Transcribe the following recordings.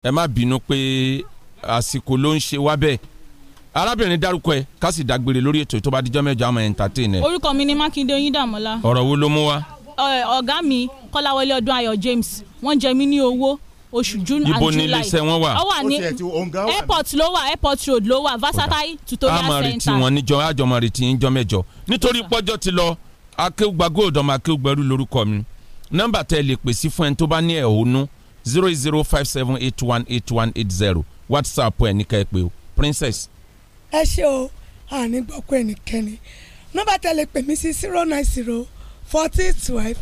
ẹ má bínú pé àsìkò ló ń ṣe wá bẹ́ẹ̀ arábìnrin dárúkọ ẹ ká sì dágbére lórí ètò tó bá díjọ́ mẹ́jọ àmọ́ entertain ẹ. orúkọ mi ni mákindé oyíndàmọ́lá. ọ̀rọ̀ wo ló mú wa. ọ̀gá mi kọ́láwọlé ọdún ayọ̀ james wọ́n jẹ mí ní owó oṣù june and july. ibo ni iléeṣẹ́ wọn wà. ó wà ní airport ló wà airport road ló wà versatile tutorial center. a máa retí wọn níjọ àjọ máa retí yín jọ mẹ́jọ nítorí pọ́jọ́ ti lọ akéwùgbà góòdọ̀mọ akéwùgbẹ́rù lórúkọ mi nọ́mbà tẹ́ lè pèsè fún ẹni tó bá ní ẹ̀hónú 0800 zero zero five seven eight one eight one eight zero whatsapp ẹ̀ ní ká o princess. ẹ ṣe o àní gbọ́kọ́ ẹnikẹ́ni nọ́mbà tẹ́lẹ̀ pè mí sí zero nine zero forty twelve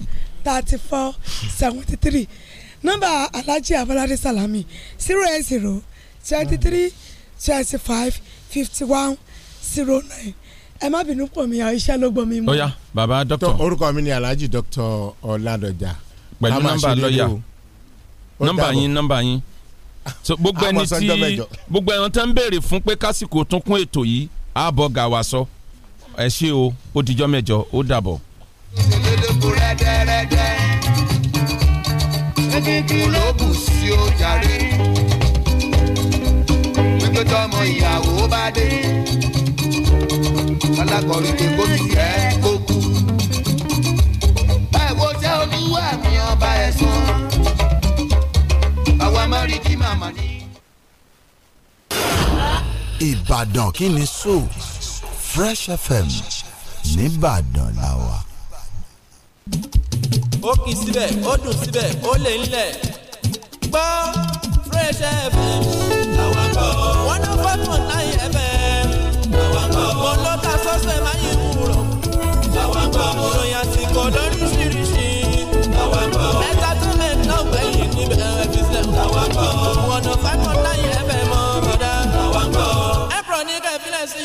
thirty four seventy three nọ́mbà alhaji abolade salami zero eight zero twenty three twenty five fifty one zero nine ẹ má bínú pọ̀ mi àwọn iṣẹ́ ló gbọ́ mi mú. ó yá bàbá dókítà. orúkọ mi ni alhaji dókítà ọ̀làdọ̀jà. pẹ̀lú nọ́mbà lọ́ọ̀yà nọ́mbà yín nọ́mbà yín so gbogbo ẹni tí gbogbo ẹni tó ń béèrè fún pé kásìkò tún kún ètò yìí ààbọ̀ gà wá sọ ẹ ṣé o ó dijọ́ mẹ́jọ ó dàbọ̀. egungun ló bù sí o jàre wípé tọmọ ìyàwó bá dé alákọ̀ọ́rìndé gómìnà ẹ̀. màmá rí kí màmá ní. Ìbàdàn kí ni sọ Fresh FM nìbàdàn la wà. ó kì í síbẹ̀ ó dùn síbẹ̀ ó lè ń lẹ̀ gbọ́.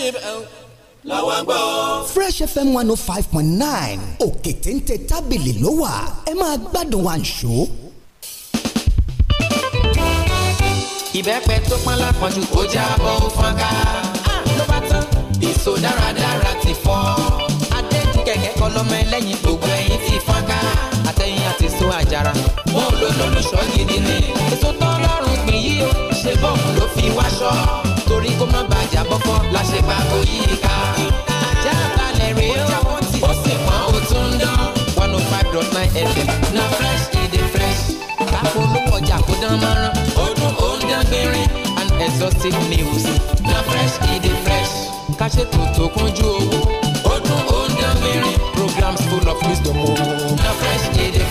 Oh. làwọn gbọ́. fresh fm one oh five point nine òkè téńté tábìlì ló wà ẹ máa gbádùn àǹṣó. ìbẹ́pẹ tó pọ́n lápọ̀jù kó jábọ́ ó fọ́n ká ah, ló bá tán èso dáradára ti fọ́ adéjú kẹ̀kẹ́ kọ́ lọ́mọ ẹlẹ́yin gbogbo ẹ̀yìn ti fọ́n ká àtẹ̀yìn àti so àjàrà wọn ò lò lólùṣọ́ gidi ni èso tọ́ lọ́rùn pín yí o ṣe bọ́ọ̀mù ló fi wáṣọ torí kó má bàjẹ́ àbọ̀fọ́ la ṣe pa òyì ká. ajá balẹ̀ rè ó ó sì mọ́ ó dán. one oh five dot nine fm na fresh e dey fresh. káfó olówó ọjà kó dán mọ́rán. ó dún ó and exhaustive news na fresh e dey fresh. ká ṣètò tó kúnjú owó. ó dún ó programs full of wisdom na fresh e dey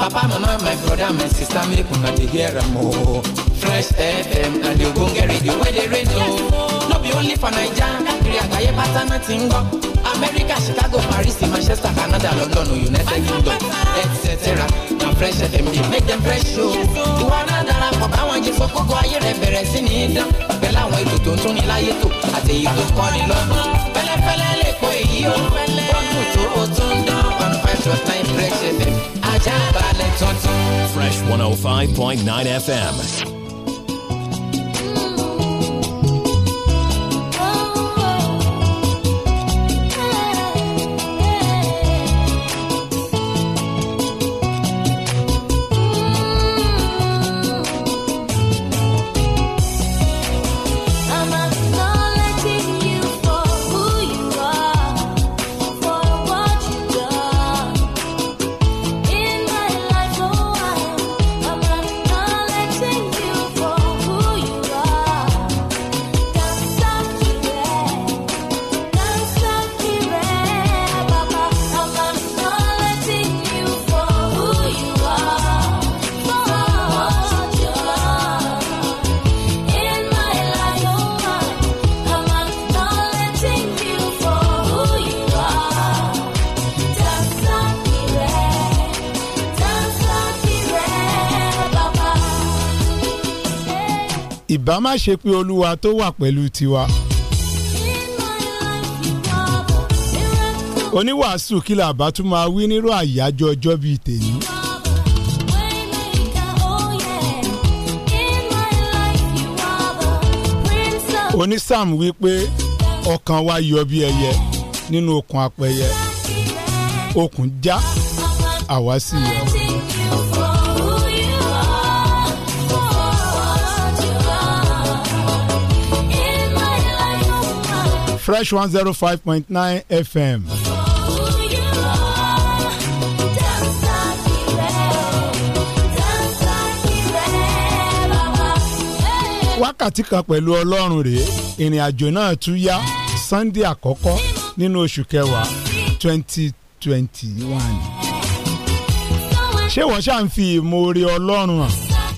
papa mama my brother my sister make una dey hear am o oh. fresh fm na the ogbonge radio where they rain o oh. no be only for Nigeria, káàkiri àgbáyé pátá náà america chicago paris manchester canada london united kingdom etc na fresh fm dey make dem fresh o oh. ìwọ náà darapọ̀ báwọn jí fokókó ayé rẹ̀ bẹ̀rẹ̀ sí ní dán pẹ̀lú àwọn ètò tó ń tún ní láyé tó àtẹ̀yí tó kọ́ni lọ́gbọ́n fẹ́lẹ́fẹ́lẹ́ lè kó èyí o wọ́n kò tó o tún dán one five dot nine fresh fm. Fresh 105.9 FM. ká má ṣe pé olúwa tó wà pẹ̀lú tiwa. oníwàásù kí la bá tún máa wí nírú àyájọ́ ọjọ́ bíi tèmi. onísáàmù wípé ọkàn wa yọ bí ẹyẹ nínú okùn apẹyẹ okùn já àwa sì yọ. fresh one zero oh five point nine fm. wákàtí kan pẹ̀lú ọlọ́run rèé ìrìn àjò náà tún yá sunday àkọ́kọ́ nínú oṣù kẹwàá twenty twenty one. ṣé wọ́n ṣáà ń fi ìmoore ọlọ́run hàn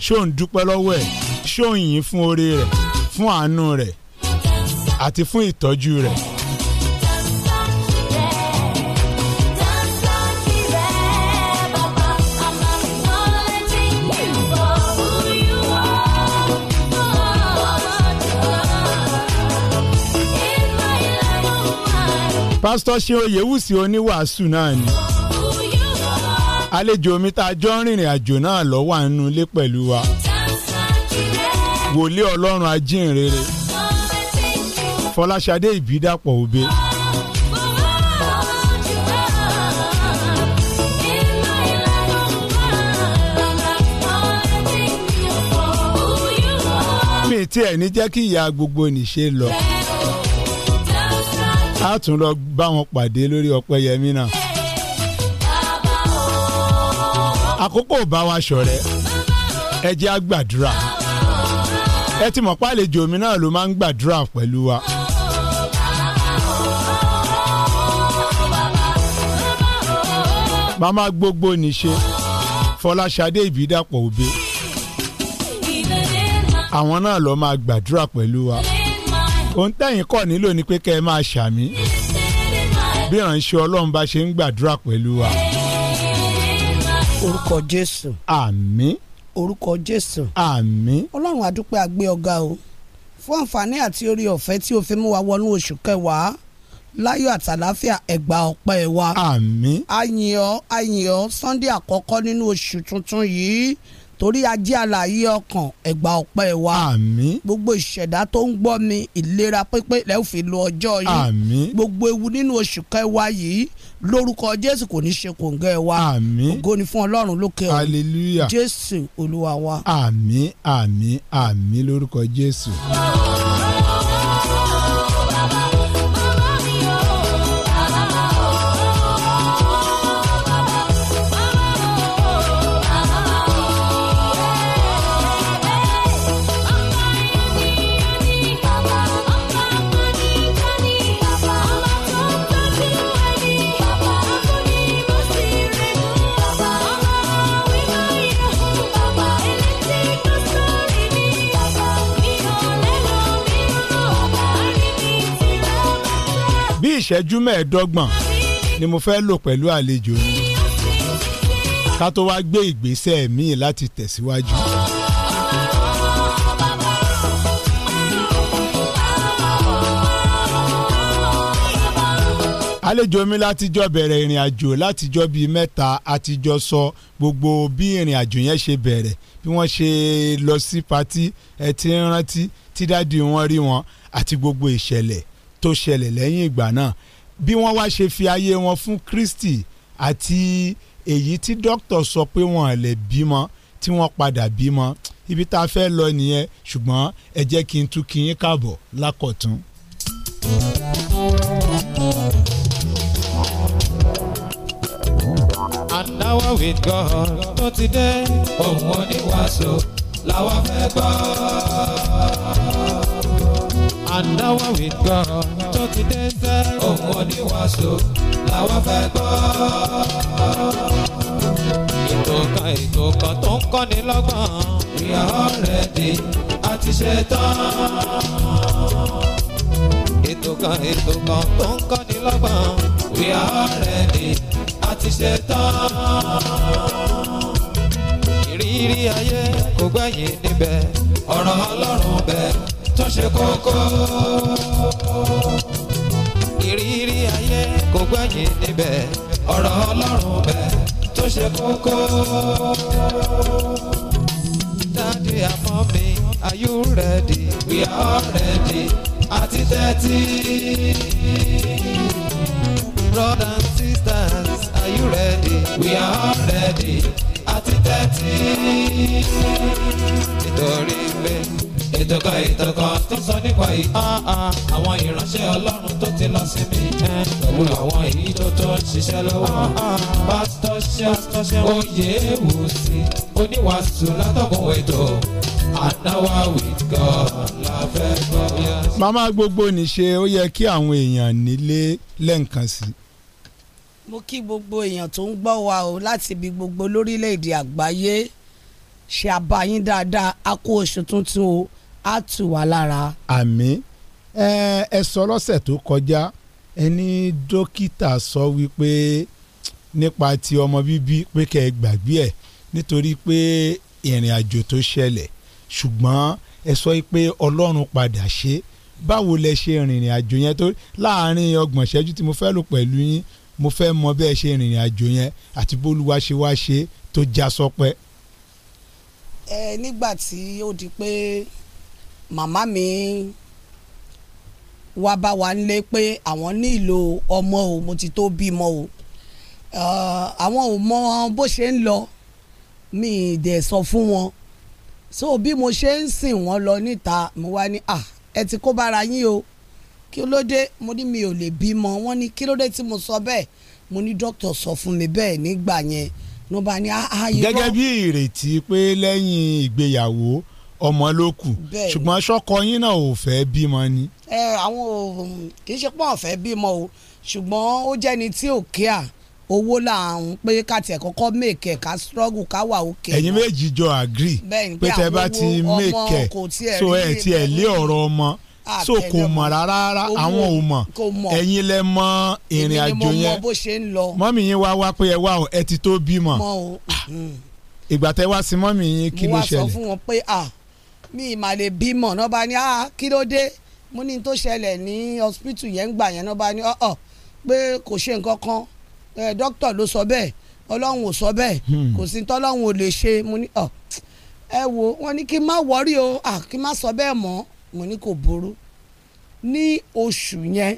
ṣó ń dúpẹ́ lọ́wọ́ ẹ̀ ṣó ń yìn fún oore rẹ̀ fún àánú rẹ̀ àti fún ìtọ́jú rẹ̀. pásítọ̀ ṣe oyèwùsì oníwàásù náà ni àlejò mi tá a jọ ń rìnrìn àjò náà lọ́wọ́ àánú ilé pẹ̀lú wa wòlíì ọlọ́run ajínrere. Fọláṣadé Ìbídàpọ̀ Obe. mi tí ẹ̀ ní jẹ́ kí ìyá gbogbo nìṣe lọ. a tún lọ bá wọn pàdé lórí Ọpẹ́yẹmí náà. àkókò bá wa ṣọ̀rẹ́ ẹ jẹ́ á ẹ ti mọ̀ pé mi náà ló máa ń gbàdúrà pẹ̀lú wa. màmá gbogbo níṣe Fọláṣadé Ìbídàpọ̀ Òbe àwọn náà lọ máa gbàdúrà pẹ̀lú wa ohun tẹ̀yìn kọ́ nílò ni pé kẹ́ ẹ máa ṣàmì bí ìránṣẹ́ Ọlọ́run bá ṣe ń gbàdúrà pẹ̀lú wa. orúkọ Jésù. àmín. orúkọ Jésù. àmín. Ọlọ́run àdúpẹ́ àgbẹ̀ ọ̀gá o fún àǹfààní àti orí ọ̀fẹ́ tí o fi mú wa wọnú oṣù kẹwàá láyọ̀ àtàláfíà ẹ̀gbà ọ̀pẹ́ wa. àmín. ayìnbọn ayìnbọn sunday àkọ́kọ́ nínú oṣù tuntun yìí torí ajé àlàyé ọkàn ẹ̀gbà ọpẹ́ wa àmín gbogbo ìṣẹ̀dá tó ń gbọ́ mi ìlera pípé lẹ́yìn fi lo ọjọ́ yìí àmín gbogbo ewu nínú oṣù kẹwàá yìí lórúkọ jésù kò ní ṣe kòǹgẹ́ wa àmín ògo ni fún ọlọ́run lókè ọ̀run hallelujah jésù olúwa wa. àmín àmín àmín lórúkọ jésù. Oh. ìṣẹ́jú mẹ́ẹ̀ẹ́dọ́gbọ̀n ni mo fẹ́ lò pẹ̀lú àlejò mi ká tó wá gbé ìgbésẹ̀ míì láti tẹ̀síwájú. àlejò mi látijọ́ bẹ̀rẹ̀ ìrìn àjò látijọ́ bíi mẹ́ta àtijọ́ sọ gbogbo bí ìrìn àjò yẹn ṣe bẹ̀rẹ̀ bí wọ́n ṣe lọ sí patí ẹ rántí tí dáàdi wọn rí wọn àti gbogbo ìṣẹ̀lẹ̀ tó ṣẹlẹ̀ lẹ́yìn ìgbà náà bí wọ́n wá ṣe fi ayé wọn fún Kristi àti èyí tí dókítà sọ pé wọ́n lè bímọ tí wọ́n padà bímọ ibi tá a fẹ́ lọ nìyẹn ṣùgbọ́n ẹ jẹ́ kí n tún kí yín káàbọ̀ lákọ̀tún. àdáwọ̀ with God tó ti dé òun oníwàásù làwọn fẹ́ gbọ́ and now we tó ti dé sẹ́. ohun oníwàásù làwa fẹ́ gbọ́. ètò kan ètò kan tó ń kọ́ni lọ́gbọ̀n. we are already a ti ṣe tán. ètò kan ètò kan tó ń kọ́ni lọ́gbọ̀n. we are already a ṣe tán ìrírí ayé kò gbẹ̀yìn níbẹ̀ ọ̀rọ̀ ọlọ́run bẹ̀ tó ṣe kókó. ìrírí ayé kò gbẹ̀yìn níbẹ̀ ọ̀rọ̀ ọlọ́run bẹ̀ tó ṣe kókó. dáàdi àmọ́ mi are you ready? we are ready àti tẹ́tí. brothers and sisters are you ready? we are ready àti tẹ́tí. nítorí pé ìjọba ìtọ́kọ tó sọ nípa ìhà ah, ah, àwọn ìránṣẹ́ ọlọ́run tó ti lọ sí mi pẹ̀lú àwọn ìjọ tó ń ṣiṣẹ́ lọ́wọ́ ah, pásítọ̀ ṣe oyè wò sí oníwàásù látọ̀kùn ètò àdáwà with la fẹ́ gbọ́. màmá gbogbo nìṣe ó yẹ kí àwọn èèyàn nílé lẹ́ǹkan sí mo kí gbogbo èèyàn tó ń gbọ́ wa o láti ibi gbogbo lórílẹ̀‐èdè àgbáyé ṣe àbáyín dáadáa a kú oṣù tuntun o á tù wá lára. àmín ẹ sọ lọ́sẹ̀ tó kọjá ẹni dókítà sọ wípé nípa ti ọmọ bíbí pé kẹ́ ẹ gbàgbé ẹ̀ nítorí pé ìrìn àjò tó ṣẹlẹ̀ ṣùgbọ́n ẹ sọ pé ọlọ́run padà ṣe báwo lẹ ṣe rìnrìn àjò yẹn tó láàárín ọgbọ̀n ṣẹ́jú tí mo fẹ́ lò pẹ̀lú yín mo fẹ́ mọ bẹ́ẹ̀ ṣe rìnrìn àjò yẹn àti bóluwa ṣe wá ṣe tó já sọpẹ́. ẹ nígbà tí ó di pé màmá mi wá bá wa nílé pé àwọn nílò ọmọ o mo ti tó bímọ o àwọn ò mọ bó ṣe ń lọ mi dẹ̀ sọ fún wọn so bí mo ṣe ń sìn wọ́n lọ níta mo wá ní à ẹ ti kó bára yín o kí ló dé mo ní mi ò lè bímọ wọ́n ní kí ló dé tí mo sọ bẹ́ẹ̀ mo ní dókítà sọ fún mi bẹ́ẹ̀ nígbà yẹn ló bá ní ààyè rọ. gẹ́gẹ́ bí ìrètí pé lẹ́yìn ìgbéyàwó ọmọ ló kù ṣùgbọ́n sọ́kọ yín náà ò fẹ́ bímọ ni. ẹ àwọn kì í ṣe pọ́n fẹ́ bímọ o ṣùgbọ́n ó jẹ́ni tí ò kíá owó là ń pé ká tiẹ̀ kọ́kọ́ make ẹ̀ e, ká struggle ká wà òkè. ẹ̀yin méjì jọ agree pé tẹ bá ti make e, ẹ̀ so ẹ̀ tiẹ̀ lé ọ̀rọ̀ ọmọ ah, so kò mọ̀ rárá àwọn ò mọ̀ ẹ̀yin lẹ mọ ìrìn àjò yẹn mọ́mì yín wá wá pé ẹ wá ẹ ti tó bímọ ah, ìgbà tẹ wá sí mọ́mì yín kí ló ṣẹlẹ̀. mo wá sọ fún wọn pé ah mi ìmàlè bímọ náà bá ní ah kí ló dé mo ní tó ṣẹlẹ̀ ní hospital yẹn ń gbà yẹn náà bá ní ọ̀ọ́ oh, oh, pé kò ṣe nǹkan kan eh, dókítà ló sọ bẹ́ẹ̀ ọlọ́run ò sọ bẹ́ẹ̀ hmm. kò sí tọ́lọ́run ò lè ṣe mo ní ọ̀ oh, ẹ wo wọn ní kí má wọrí o à ah, kí n má sọ bẹ́ẹ̀ mọ́ mo ní kò burú ní oṣù yẹn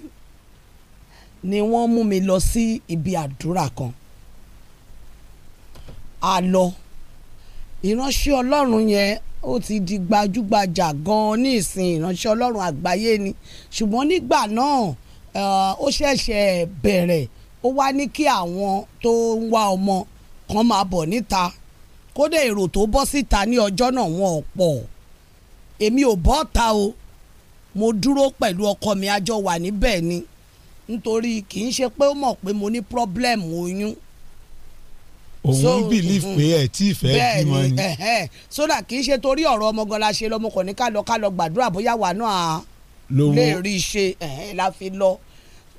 ni wọ́n mú mi lọ sí ibi àdúrà kan a lọ ìránṣẹ́ ọlọ́run yẹn ó ti di gbajúgbajà gan-an ní ìsìn ìránṣẹ́ ọlọ́run àgbáyé ni ṣùgbọ́n nígbà náà eh, ó ṣẹ̀ṣẹ̀ bẹ̀rẹ̀ ó wá ní kí àwọn tó ń wá ọmọ kan máa bọ̀ níta kódà èrò tó bọ́ síta ní ọjọ́ náà wọn pọ̀ èmi ò bọ́ ta o mo dúró pẹ̀lú ọkọ mi a wà níbẹ̀ ni nítorí kì í ṣe pé ó mọ̀ pé mo ní pírọ́blẹ́mù oyún òun believe mhm. pé ẹ tí ì fẹ́ bímọ ni. sódà kì í ṣe torí ọ̀rọ̀ ọmọ gan la ṣe lọ́mọ kò ní ká lọ ká lọ gbàdúrà bóyá wà náà lè rí i ṣe la fi lọ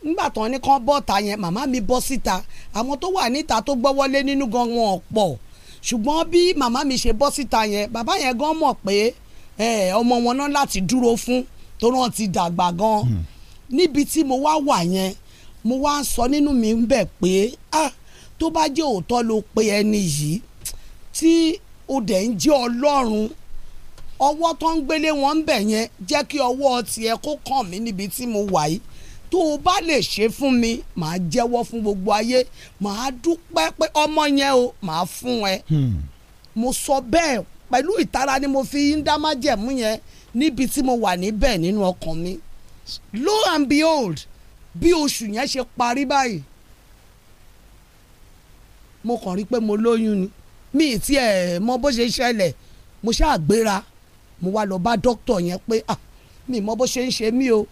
nígbà tán ní kán bọ́ta yẹn màmá mi bọ́ síta àwọn tó wà níta tó gbọ́ wọlé nínú gan wọn pọ̀ ṣùgbọ́n bí màmá mi ṣe bọ́ síta yẹn bàbá yẹn gan mọ̀ pé ọmọ wọn náà láti dúró fún tó náà ti dàgbà gan hmm. níbi tí mo wá wà yẹn mo wá sọ nínú mi ń bẹ̀ pé ah tó bá jẹ́ òótọ́ ló pe ẹni yìí tí o dẹ̀ ń jẹ́ ọlọ́run ọwọ́ tó ń gbélé wọn ń bẹ̀ yẹn jẹ́ kí ọwọ́ tiẹ̀ kó kàn mí níbi tí mo wà yìí tó o bá lè ṣe fún mi màá jẹ́wọ́ fún gbogbo ayé màá dúpẹ́ pé ọmọ yẹn o màá fún ẹ hmm. mo sọ bẹ́ẹ̀ pẹ̀lú ìtara ni mo fi ń dá májẹ̀mú yẹn níbi tí mo wà níbẹ̀ nínú ọkàn mi lo and behold bí oṣù yẹn ṣe parí báyìí mo kàn rí pé mo lóyún ni mi ì tiẹ̀ mọ bó ṣe ṣẹlẹ̀ mo ṣáà gbéra mo wá lọ bá dókítà yẹn pé ah mi mọ bó ṣe ń ṣe mí o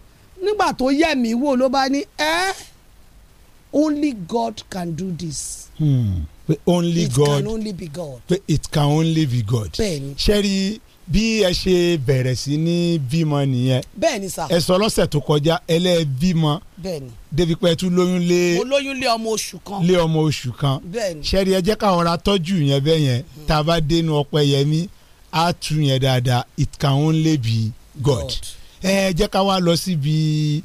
nígbà tó yẹ̀ mí wò ló bá ní ẹ́ only God can do this. Hmm. only it God it can only be God. it can only be God. bẹ́ẹ̀ni. ṣẹ́rí bí ẹ ṣe bẹ̀rẹ̀ sí ní bímọ nìyẹn. bẹ́ẹ̀ni sà. ẹ sọ lọ́sẹ̀ tó kọjá ẹlẹ́ bímọ. bẹ́ẹ̀ni. débi pé ẹ tún lóyún lé. mo lóyún lé ọmọ oṣù kan. lé ọmọ oṣù kan. bẹ́ẹ̀ni. sẹ́ẹ̀rì ẹ jẹ́ káwọn ra tọ́jú yẹn bẹ́ẹ̀ yẹn hmm. tá a bá dénú ọpẹ́ yẹmí á tu yẹn dáadáa it can only be God. ẹ jẹ́ ká wá lọ síbi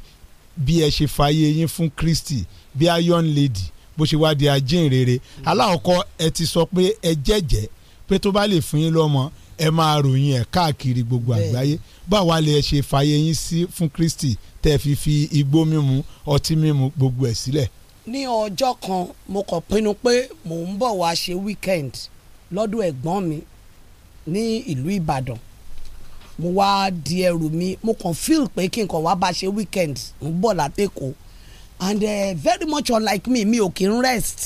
bí ẹ ṣe fààyè yín fún Kristi bí iron lady bó ṣe wá di ajínrere hmm. aláwọ̀kọ́ ẹ ti sọ pé ẹ jẹ́jẹ́ pé tó bá lè fún yín lọ́mọ ẹ máa ròyìn ẹ̀ káàkiri gbogbo àgbáyé báwa lè ṣe fàyè yín sí fún Kristi tẹ́ fi fi igbó mímu ọtí mímu gbogbo ẹ̀ sílẹ̀. ní ọjọ́ kan mo kàn pinnu pé mò ń bọ̀ wá ṣe weekend lọ́dún ẹ̀gbọ́n mi ní ìlú Ìbàdàn mo wá di ẹrù mi mo kàn feel pé kí n kàn wá bá ṣe weekend ń bọ̀ látẹ̀kọ́ and uh, very much unlike me mi ò kí n rest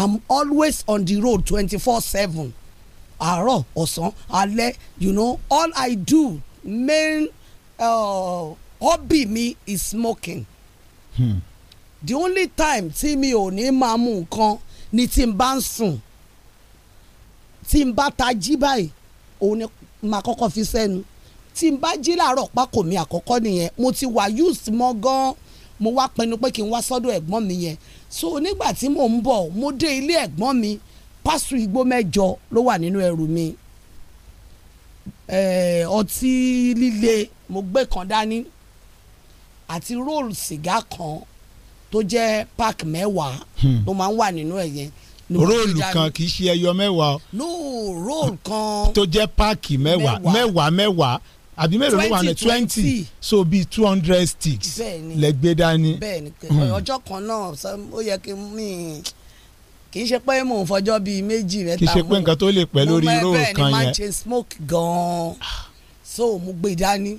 i'm always on the road twenty four seven àárọ̀ ọ̀sán alẹ́ you know all I do main uh, hobby me is smoking. Hmm. the only time tí mi ò ní máa mú nǹkan ni tí n bá ń sùn tí n bá ta jí báyìí òun ni màá kọ́kọ́ fi sẹ́nu tí n bá jí làárọ̀ pákó mi àkọ́kọ́ nìyẹn mo ti wà used mọ́ gan-an mo wá pinnu pé kí n wá sọ́dọ̀ ẹ̀gbọ́n mi yẹn so nígbà tí mò ń bọ̀ mo dé ilé ẹ̀gbọ́n mi pásù igbó mẹ́jọ ló wà nínú ẹrù mi eh, ọtí líle mo gbé kan dání àti róòlù sìgá kan tó jẹ́ pack mẹ́wàá tó hmm. máa ń wà nínú ẹ̀ yẹn róòlù kan kì í ṣe ẹyọ mẹ́wàá. no róòlù kan. tó jẹ́ páàkì mẹ́wàá mẹ́wàá mẹ́wàá àbí mélòó ló wà ní twenty so bíi two hundred sticks lẹ́gbẹ́ dání. bẹ́ẹ̀ni hmm. ọjọ́ kan náà ó yẹ kí mi kì í ṣe pé mò ń fọjọ́ bíi méjì mẹ́ta kì í ṣe pé nǹkan tó lè pẹ́ lórí irú kan yẹn mo mọ ẹgbẹ́ ni máa ń ṣe smoke gan-an so mo gbé dání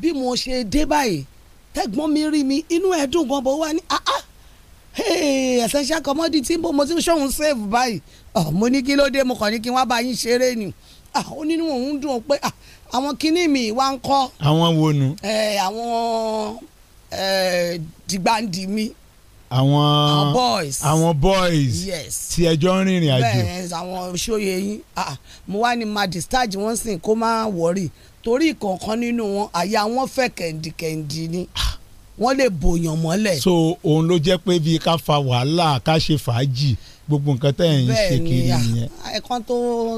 bí mo ṣe dé báyìí tẹ́gbọ́n mi rí mi inú ẹ̀ dùn gan bó wá ní ah ah hey essential commodity bó mo ti ń ṣóhun save báyìí ah, mo ní kí ló dé mo kàn ní kí wọ́n bá yín ṣeré ni ah ó nínú òun dùn pé ah àwọn kinní mi wá ń kọ́. àwọn wo nu. ẹ eh, àwọn eh, dìgbàǹdì mi àwọn boys àwọn boys yes tí ẹjọ́ ń rìnrìn àjò bẹ́ẹ̀ àwọn ṣóye yín ah, mo wá ní ma discharge wọn sìn kó má wọ̀rì torí ìkọ̀ọ̀kan nínú wọn àyà wọn fẹ́ kẹ̀ǹdìkẹ̀ǹdì ni ah, wọ́n lè bòyàn mọ́lẹ̀. so òun ló jẹ́ pé bí ká fa wàhálà ká ṣe fàájì gbogbo nǹkan tẹ́ ẹ̀ ń ṣe kiri ah, yẹn. ẹ̀kan tó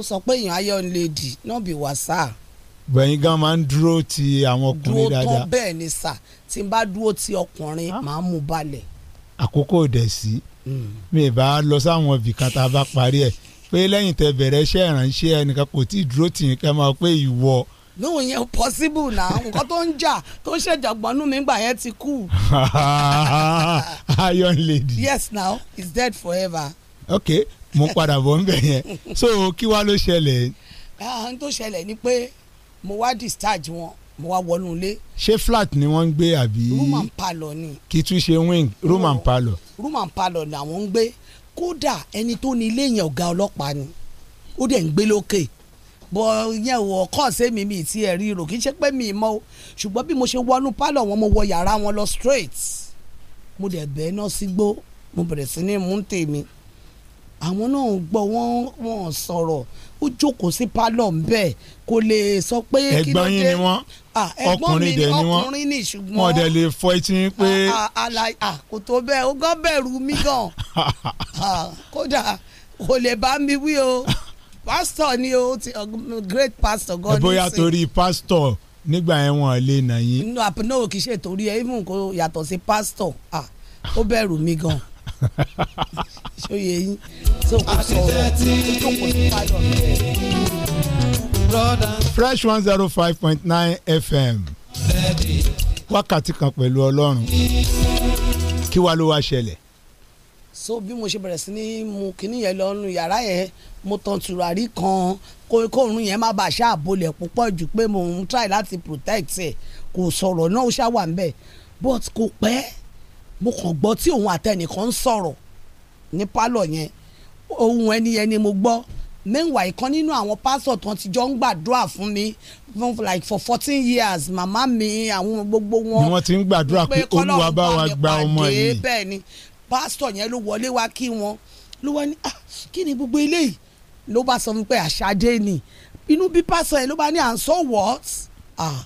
sọ pé èèyàn ayọ̀ lè dì náà bí wà sáà. gbẹ̀yìn gan máa ń dúró ti àwọn ọkùnrin dáadáa. dúró tán bẹ́ẹ̀ ni sà tí n bá dúró ti ọkùnrin máa ń mú balẹ̀ àkókò dẹ̀ sí hmm. mi ì bá lọ sáwọn ibìkan tá a bá parí ẹ̀ pé lẹ́yìn tẹ bẹ̀rẹ̀ iṣẹ́ ìrànṣẹ́ ẹnìkan kò tí ì dúró tì í kẹ́ máa pé ìwọ lóhùn yẹn possible na nǹkan tó ń jà tó ń ṣèjàgbọ́nú mi gbà yẹn ti kú. iron lady. yes now is dead forever. ok mo padà bọ̀ ń bẹ̀ yẹn so kí wàá ló ṣẹlẹ̀. Ah, ohun tó ṣẹlẹ̀ ni pé mo wá discharge wọn mo wá wọnú ilé. ṣé flat ni wọ́n ń gbé àbí. room and parlour ni. kì í tún ṣe wing room and parlour. room and parlour ni àwọn ń gbé kódà ẹni tó ní ilé yẹn ọ̀gá ọlọ́pàá ni ó dẹ̀ ń gbé lókè bọ yẹn wọ ọkọ sẹmi mi ti ẹ ríro kì í ṣe pé mi mọ o ṣùgbọ́n bí mo ṣe wọnú pálọ̀ wọn mo wọ yàrá wọn lọ straight mo dẹ̀ bẹ́ẹ̀ náà sí gbó mo bẹ̀rẹ̀ sí ní mú tèmi àwọn náà gbọ́ wọ́n wọ́n sọ̀rọ̀ ó jókòó sí pálọ̀ ńbẹ́ kò lè sọ pé kí ló dé ẹ̀gbọ́n yín ni wọ́n ọkùnrin dẹ̀ ni wọ́n ọkùnrin ni ṣùgbọ́n wọ́n dẹ̀ lè fọ etí pé. kò tó bẹ́ẹ̀ o gan bẹ̀rù mi gan kódà kò lè bá mi wí o pastor ni o uh, great pastor god ní sè. bóyá torí pastor nígbà yẹn wọn lè nà yín. no àpò náà kì í ṣe torí ẹ even kò yàtọ̀ sí pastor ó bẹ̀rù mi gan ṣòye yín tó kò sọ ọ̀rọ̀ tó kò sí pàdánù fresh one zero five point nine fm wákàtí kan pẹ̀lú ọlọ́run kí wàá ló wá ṣẹlẹ̀. so bí mo ṣe bẹ̀rẹ̀ sí ní mu kínní yẹn lọ nu yàrá yẹn mo tan tùràrí kan kóòrùn yẹn má bàa ṣáà bolẹ̀ púpọ̀ jù pé mo ń try láti protect ẹ̀ kò sọ̀rọ̀ náà ó ṣáà wà ń bẹ̀ but kò pẹ́ mo kàn gbọ́ tí òun àtẹnìkan ń sọ̀rọ̀ ní pálọ̀ yẹn ohun ẹni yẹn ni mo gbọ́ meanwhile ìkan nínú àwọn pásọ̀ tán ti jọ ń gbàdúrà fún mi like for fourteen years màmá mi àwọn gbogbo wọn. ni wọ́n ti ń gbàdúrà pé olúwa bá wa gba ọmọ yìí. bẹ́ẹ̀ ni pásítọ̀ yẹn ló wọlé wá kí wọn ló wá ní ah, kí ni gbogbo eléyìí ló bá sọ pé àṣàdé ni inú bí pásítọ̀ yẹn ló bá ní and so what. Ah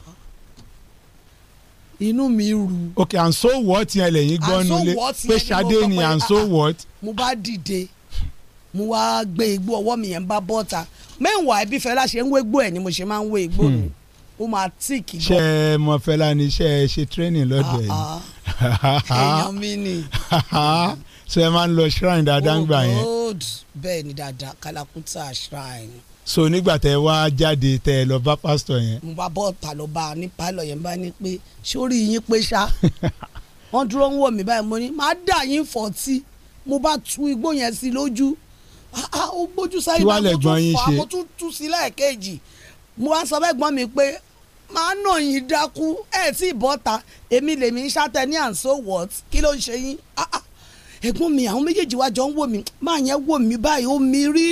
inú mi rú. ok and so what yẹn lẹ́yìn gbọ́nulé pé Ṣadé ni and so ah, what. mo bá dìde mo wá gbé igbó ọwọ́ mi yẹn ń bá bọ́ta mẹ́wàá ẹbí fẹ́lá ṣe ń wé igbó ẹ̀ ni mo ṣe máa ń wé igbó hmm. mi ó máa tíìkì gan. ṣé ẹ mọ fẹ́lá ni ṣé ṣe training lọ́dọ̀ ẹ̀ ah, ah. èèyàn mi ni. So, ẹ máa ń lọ shrine dáadáa ń gbà yẹn. old oh, bẹ́ẹ̀ ni dáadáa Kalakuta shrine so nígbà tẹ wá jáde tẹ lọ bá pásítọ yẹn. mo bá bọ́ ta lọ bá a ní pálọ̀ yẹn bá ní pé sórí yín pé ṣá wọ́n dúró ń wò mí báyìí mo ní máa dà yín fọ́tí mo bá tu igbó yẹn sí lójú Ah, ah, ó gbójú sáyé náà mo tún fọ mo tún tú sí lẹ́ẹ̀kejì mo wá sọ fẹ́gbọ́n mi pé màá nà yín dákú ẹ̀ tí ì èmi lèmi ń ṣàtẹ ní and so what kí ló ń ṣe yín ah, ẹ̀gbọ́n mi àwọn méjèèjì wájọ ń wò mí máa yẹn wò mí báyìí ó mi rí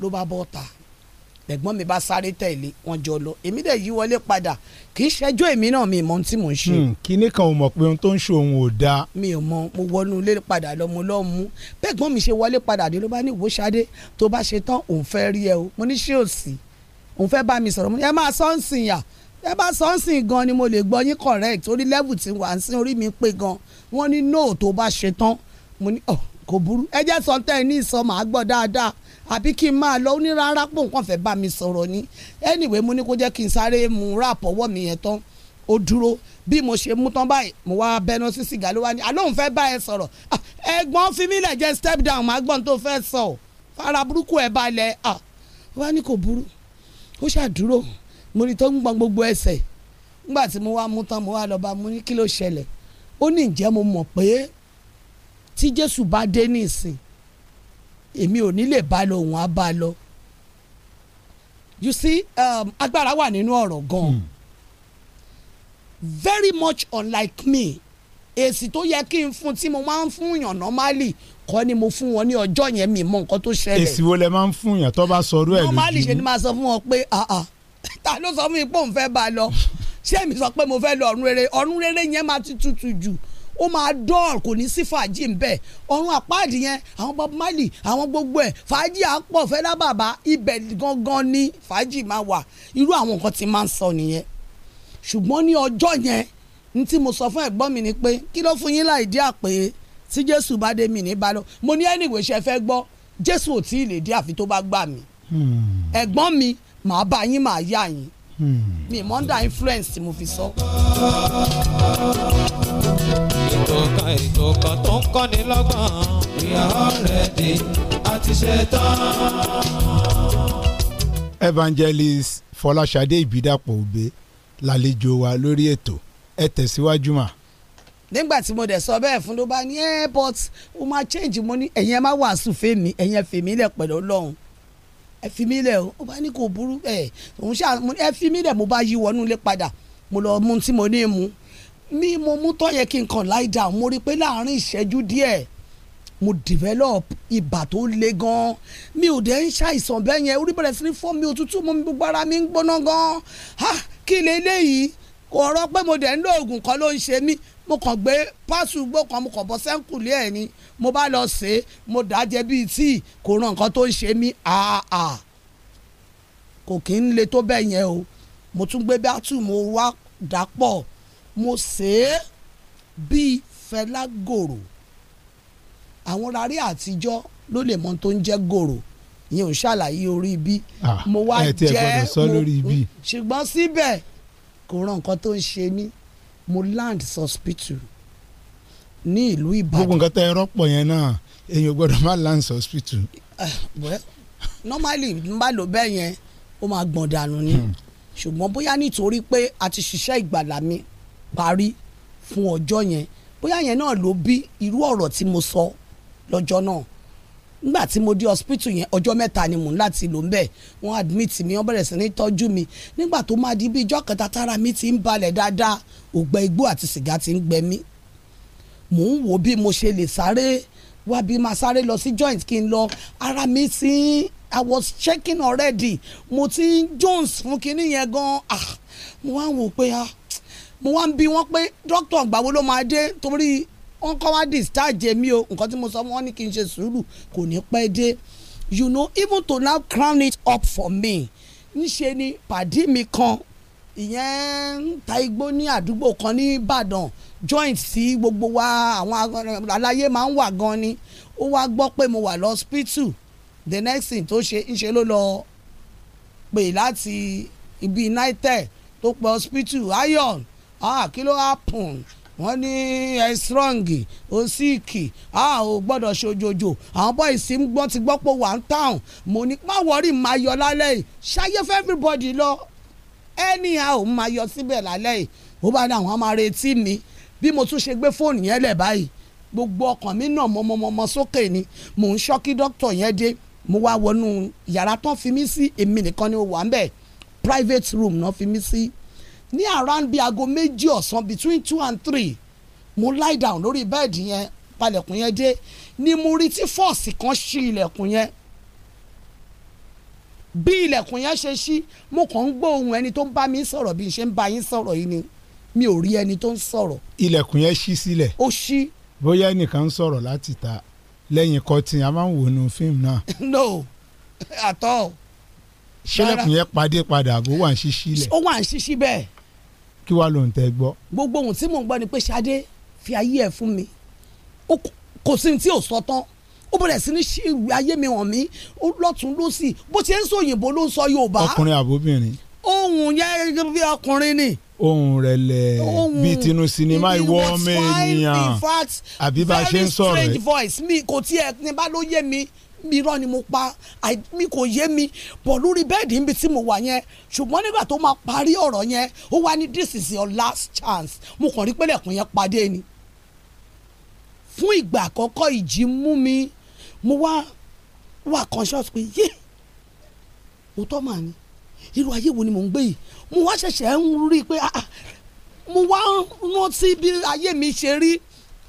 ló bá bọ́ta bẹ̀gbọ́n mi bá sáré tẹ̀lé wọn jọ lọ èmi dẹ̀ yí wọlé padà kì í ṣẹjọ́ èmi náà mi mọ ohun tí mò ń ṣe. Hmm, kinní kan ò mọ̀ pé ohun tó ń ṣe òun ò dáa. mi ò mọ mo wọnú ilé padà lọmọ lọ́mú bẹ́ẹ̀gbọ́n mi ṣe wọlé padà dé ló bá ní ìwọ Ṣadé tó bá ṣe tán òun fẹ́ rí ẹ o mo ní ṣé ò sí òun fẹ́ bá mi sọ̀rọ̀ mo ní ẹ máa sọ́ǹsìn yà ẹ bá sọ́ǹsìn gan ni mo lè gbọ́ yín correct orí level tí wà ń sin orí mi pé gan wọ́n ní no tó bá ṣe tán mo ní oh, kò burú ẹ jẹ́ sọ́ńtẹ́ ní ìsọ màá gbọ́ dáadáa àbí kí n máa lọ ó ní rárá pò nǹkan fẹ́ bá mi sọ̀rọ̀ ni anyway mo ní kó jẹ́ kí n sáré mu rap ọwọ́ mi yẹn tán ó dúró bí mo ṣe mú tán báyìí mo wá bẹnu sí sìgá ló wá ní àlóhùn fẹ́ bá ẹ sọ̀rọ̀ ah, ẹ̀gbọ́n fi mí lẹ̀ jẹ́ step down màá gbọ́n tó fẹ́ sọ fara burúkú ẹ̀ balẹ̀ ah. wá ní kò burú ó ṣàdúró mo rí tó ń gbọ́n gbogbo ẹsẹ̀ nígbà tí mo wá mú tán mo wá lọ bá mo ní kí ló ṣẹlẹ̀ ó ní ǹjẹ́ mo mọ̀ pé tí Jésù bá dé ní ìsìn èmi ò ní lè bá lọ òun á bá lọ you see um, agbára wà nínú ọ̀rọ̀ gan mm. very much unlike me èsì tó yẹ kí n fún tí mo máa ń fún yàn normally kọ́ ni mo fún wọn ní ọjọ́ yẹn mi mọ nǹkan tó ṣẹlẹ̀. èsì wo lẹ máa ń fún yàn tó bá sọ ọdún ẹ lójú. normally ṣe ni máa sọ fún wọn pé ta ló sọ fún mi pé òun fẹ́ bá lọ ṣé èmi sọ pé mo fẹ́ lọ ọ̀run rere ọ̀run rere yẹn máa ti tutù jù ó máa dọ́ọ̀l kò ní sí fàájì ń bẹ̀ ọ̀run àpáàdì yẹn àwọn Bob Marley àwọn gbogbo ẹ̀ fàájì àpọ̀ fẹ́lá bàbá ibẹ̀ gangan ni fàájì máa wà irú àwọn nǹkan tí máa ń sọ nìyẹn ṣùgbọ́n ní ọjọ́ yẹn ní tí mo sọ fún ẹ̀gbọ́n mi ni pé kí ló fún yín láì dí àpè tí Jésù bá dé mi ní balọ̀ mo ní ẹnìwé ṣe fẹ́ gbọ́ Jésù ò tí ì lè dé àfi tó bá gbà mí hmm. ẹ̀gbọ́n mi màá bá yín màá yá yín Hmm. mi mọ́ under influence tí mo fi sọ. ìtòkà ìtòkà tó ń kọ́ni lọ́gbọ̀n ìyàwó rẹ̀ dé àti ṣetán. evangelist fọláṣadé ìbídàpọ̀ òbé lálejò wa lórí ètò ẹ tẹ̀síwájú mà nígbà tí mo dẹ̀ sọ bẹ́ẹ̀ fún ló bá ní airport ó máa change mo ní ẹ̀yin má wàásù fèmí ẹ̀yin fèmí lẹ̀ pẹ̀lú ọlọ́run ẹ fi mí lẹ̀ o ó bá ní kò burú ẹ òun ṣáà ẹ mo bá yí wọnú ilé padà mo lọ mu tí mo ní mu mi mo mú tọ́ yẹ kí n kàn láì dà mo rí i pé láàárín ìṣẹ́jú díẹ̀ mo develop ibà tó le gan mi ò dẹ̀ ń ṣàìsàn bẹ́ẹ̀ yẹn orí bẹ̀rẹ̀ sí ní fọ́ mi òtútù mú mi mi ń gbóná gan ha kí lélẹ́yìí kò rọ pé mo dẹ̀ ń lo oògùn kan ló ń ṣe mí mo kàn gbé pásù gbó kan mo kàn bọ́ sẹ́ńkùlé ẹ̀ ni mo bá lọ sè é mo dájẹ́ bíi tíì kò ràn nǹkan tó ń ṣe mí àà kò kí ń le tó bẹ́ẹ̀ yẹn o mo tún gbé bátù mo wá dàpọ̀ mo sè é bíi fẹlá gòrò àwọn rárí àtijọ́ ló lè mọ tó ń jẹ́ gòrò ìyẹn ò ṣàlàyé orí bí mo wá jẹ́ mo mm, ṣùgbọ́n síbẹ̀ kò ràn nǹkan tó ń ṣe mí mo land hospital ní ìlú Ìbàdàn. gbogbo nǹkan tẹ ẹ rọpò yẹn náà èyàn gbọ́dọ̀ má land hospital. Ah, normally n bá lò bẹ́ẹ̀ yẹn ó máa gbọ̀n dànù ni hmm. ṣùgbọ́n bóyá nítorí pé a ti ṣiṣẹ́ ìgbàlà mi parí fún ọjọ́ yẹn bóyá yẹn náà ló bí irú ọ̀rọ̀ tí mo sọ lọ́jọ́ náà nígbà tí mo dé hospital yẹn ọjọ́ mẹ́ta ni mò ń láti lò ń bẹ̀ wọ́n admit mi wọ́n bẹ̀rẹ̀ sí ní tọ́jú mi nígbà tó máa di bí ijọ́ kẹta tára mi ti ń balẹ̀ dáadáa ògbẹ́ igbó àti sìgá ti ń gbẹ mí mò ń wò bí mo ṣe lè sáré wá bí máa sáré lọ sí joint kí n lọ ara mi sí i was checking already mo ti ń jones fún kinní yẹn gan ah, mo wá ń wò pé ah, mo wá ń bi wọ́n pé doctor gbàwo ló máa dé torí ó ń kọ́ wá discharge mi o nǹkan tí mo sọ wọ́n ní kí n ṣe sùúrù kò ní pẹ́ dé you know even to now crown it up for me níṣe ni pàdí mi kan ìyẹn ń ta igbó ní àdúgbò kan ní Ìbàdàn joint sí gbogbo wa àwọn aláyé máa ń wà gan ni ó wá gbọ́ pé mo wà lọ́spítù the next thing tó ṣe ńṣe ló lọ pè láti ibi united tó pẹ́ hospital ayon ah kí ló happen wọ́n ní ẹ strong ó síìkì a ò gbọ́dọ̀ ṣojoojò àwọn bọ́ìsì ń gbọ́n ti gbọ́ pé wà ń tàn mo ní má wọrí máa yọ lálẹ́ yìí ṣayé fún everybody lọ anyhow máa yọ síbẹ̀ lálẹ́ yìí ó bá dà wọ́n máa retí mi bí mo tún ṣe gbé fóònù yẹn lẹ̀ báyìí gbogbo ọkàn mi náà mọmọmọmọ sókè ni mò ń ṣọ́kí dókítà yẹn dé mo wá wọnú yàrá tán fi mí sí èmi nìkan ni ó wà ń bẹ̀ private room náà fi mí sí ní around bíi aago méjì ọ̀sán between two and three mo lie down lórí bẹ́ẹ̀dì yẹn palẹ̀kùn yẹn dé ni mo rí tí fọ́ọ̀sì kan ṣí ilẹ̀kùn yẹn bí ilẹ̀kùn yẹn ṣe ṣí mo kàn ń gbọ́ ohùn ẹni tó ń bá mi sọ̀rọ̀ bí n ṣe ń bá yín sọ̀rọ̀ yìí ni mi ò rí ẹni tó ń sọ̀rọ̀. ilẹ̀kùn yẹn ṣí sílẹ̀. ó ṣí. bóyá ẹnìkan ń sọ̀rọ̀ láti ta lẹ́yìn kọtìn a máa ń wò nu fíìmù náà. no àtọ́. ṣílẹ̀kùn yẹn padé padà bó wà ń ṣí sílẹ̀. ó wà ń ṣí bẹ́ẹ̀ kí wàá lòun tẹ gbọ́. gbogbo ohun tí mò ń gbọ́ ni pé Ṣadé fi ayé ẹ̀ fún mi kò sí ní tí ò sọ tán ó bẹ̀rẹ̀ sí ní ṣe ayé mi hàn mí lọ́tún lọ́sì bó ti ń sọ òyìnbó ló ń sọ Yorùbá. ọkùnrin àbóbìnrin. ohun yẹn bí ọkùnrin ni ohun rẹ lẹ bíi tinu sinimá ìwọ ọmọ ènìyàn àbí bá a ṣe ń sọ̀rọ̀ ẹ. very strange voice mi kò tiẹ̀ ní bá ló yé mi mi ni mo pa mi kò yé mi bọ̀ lórí bẹ́ẹ̀dì níbi tí mo wà yẹn ṣùgbọ́n nígbà tó máa parí ọ̀rọ̀ yẹn ó wá ní this is your last chance mo kàn rí pẹ́lẹ́kùn yẹn padé ni fún ìgbà àkọ́kọ́ ìjì mú mi mo wá wà conscious pé yé òótọ́ màá ni irú ayé wo ni mò ń gbé yìí mo wá ṣẹ̀ṣẹ̀ ń rí i pé ah, ah. mo wá rántí bí ayé mi ṣe rí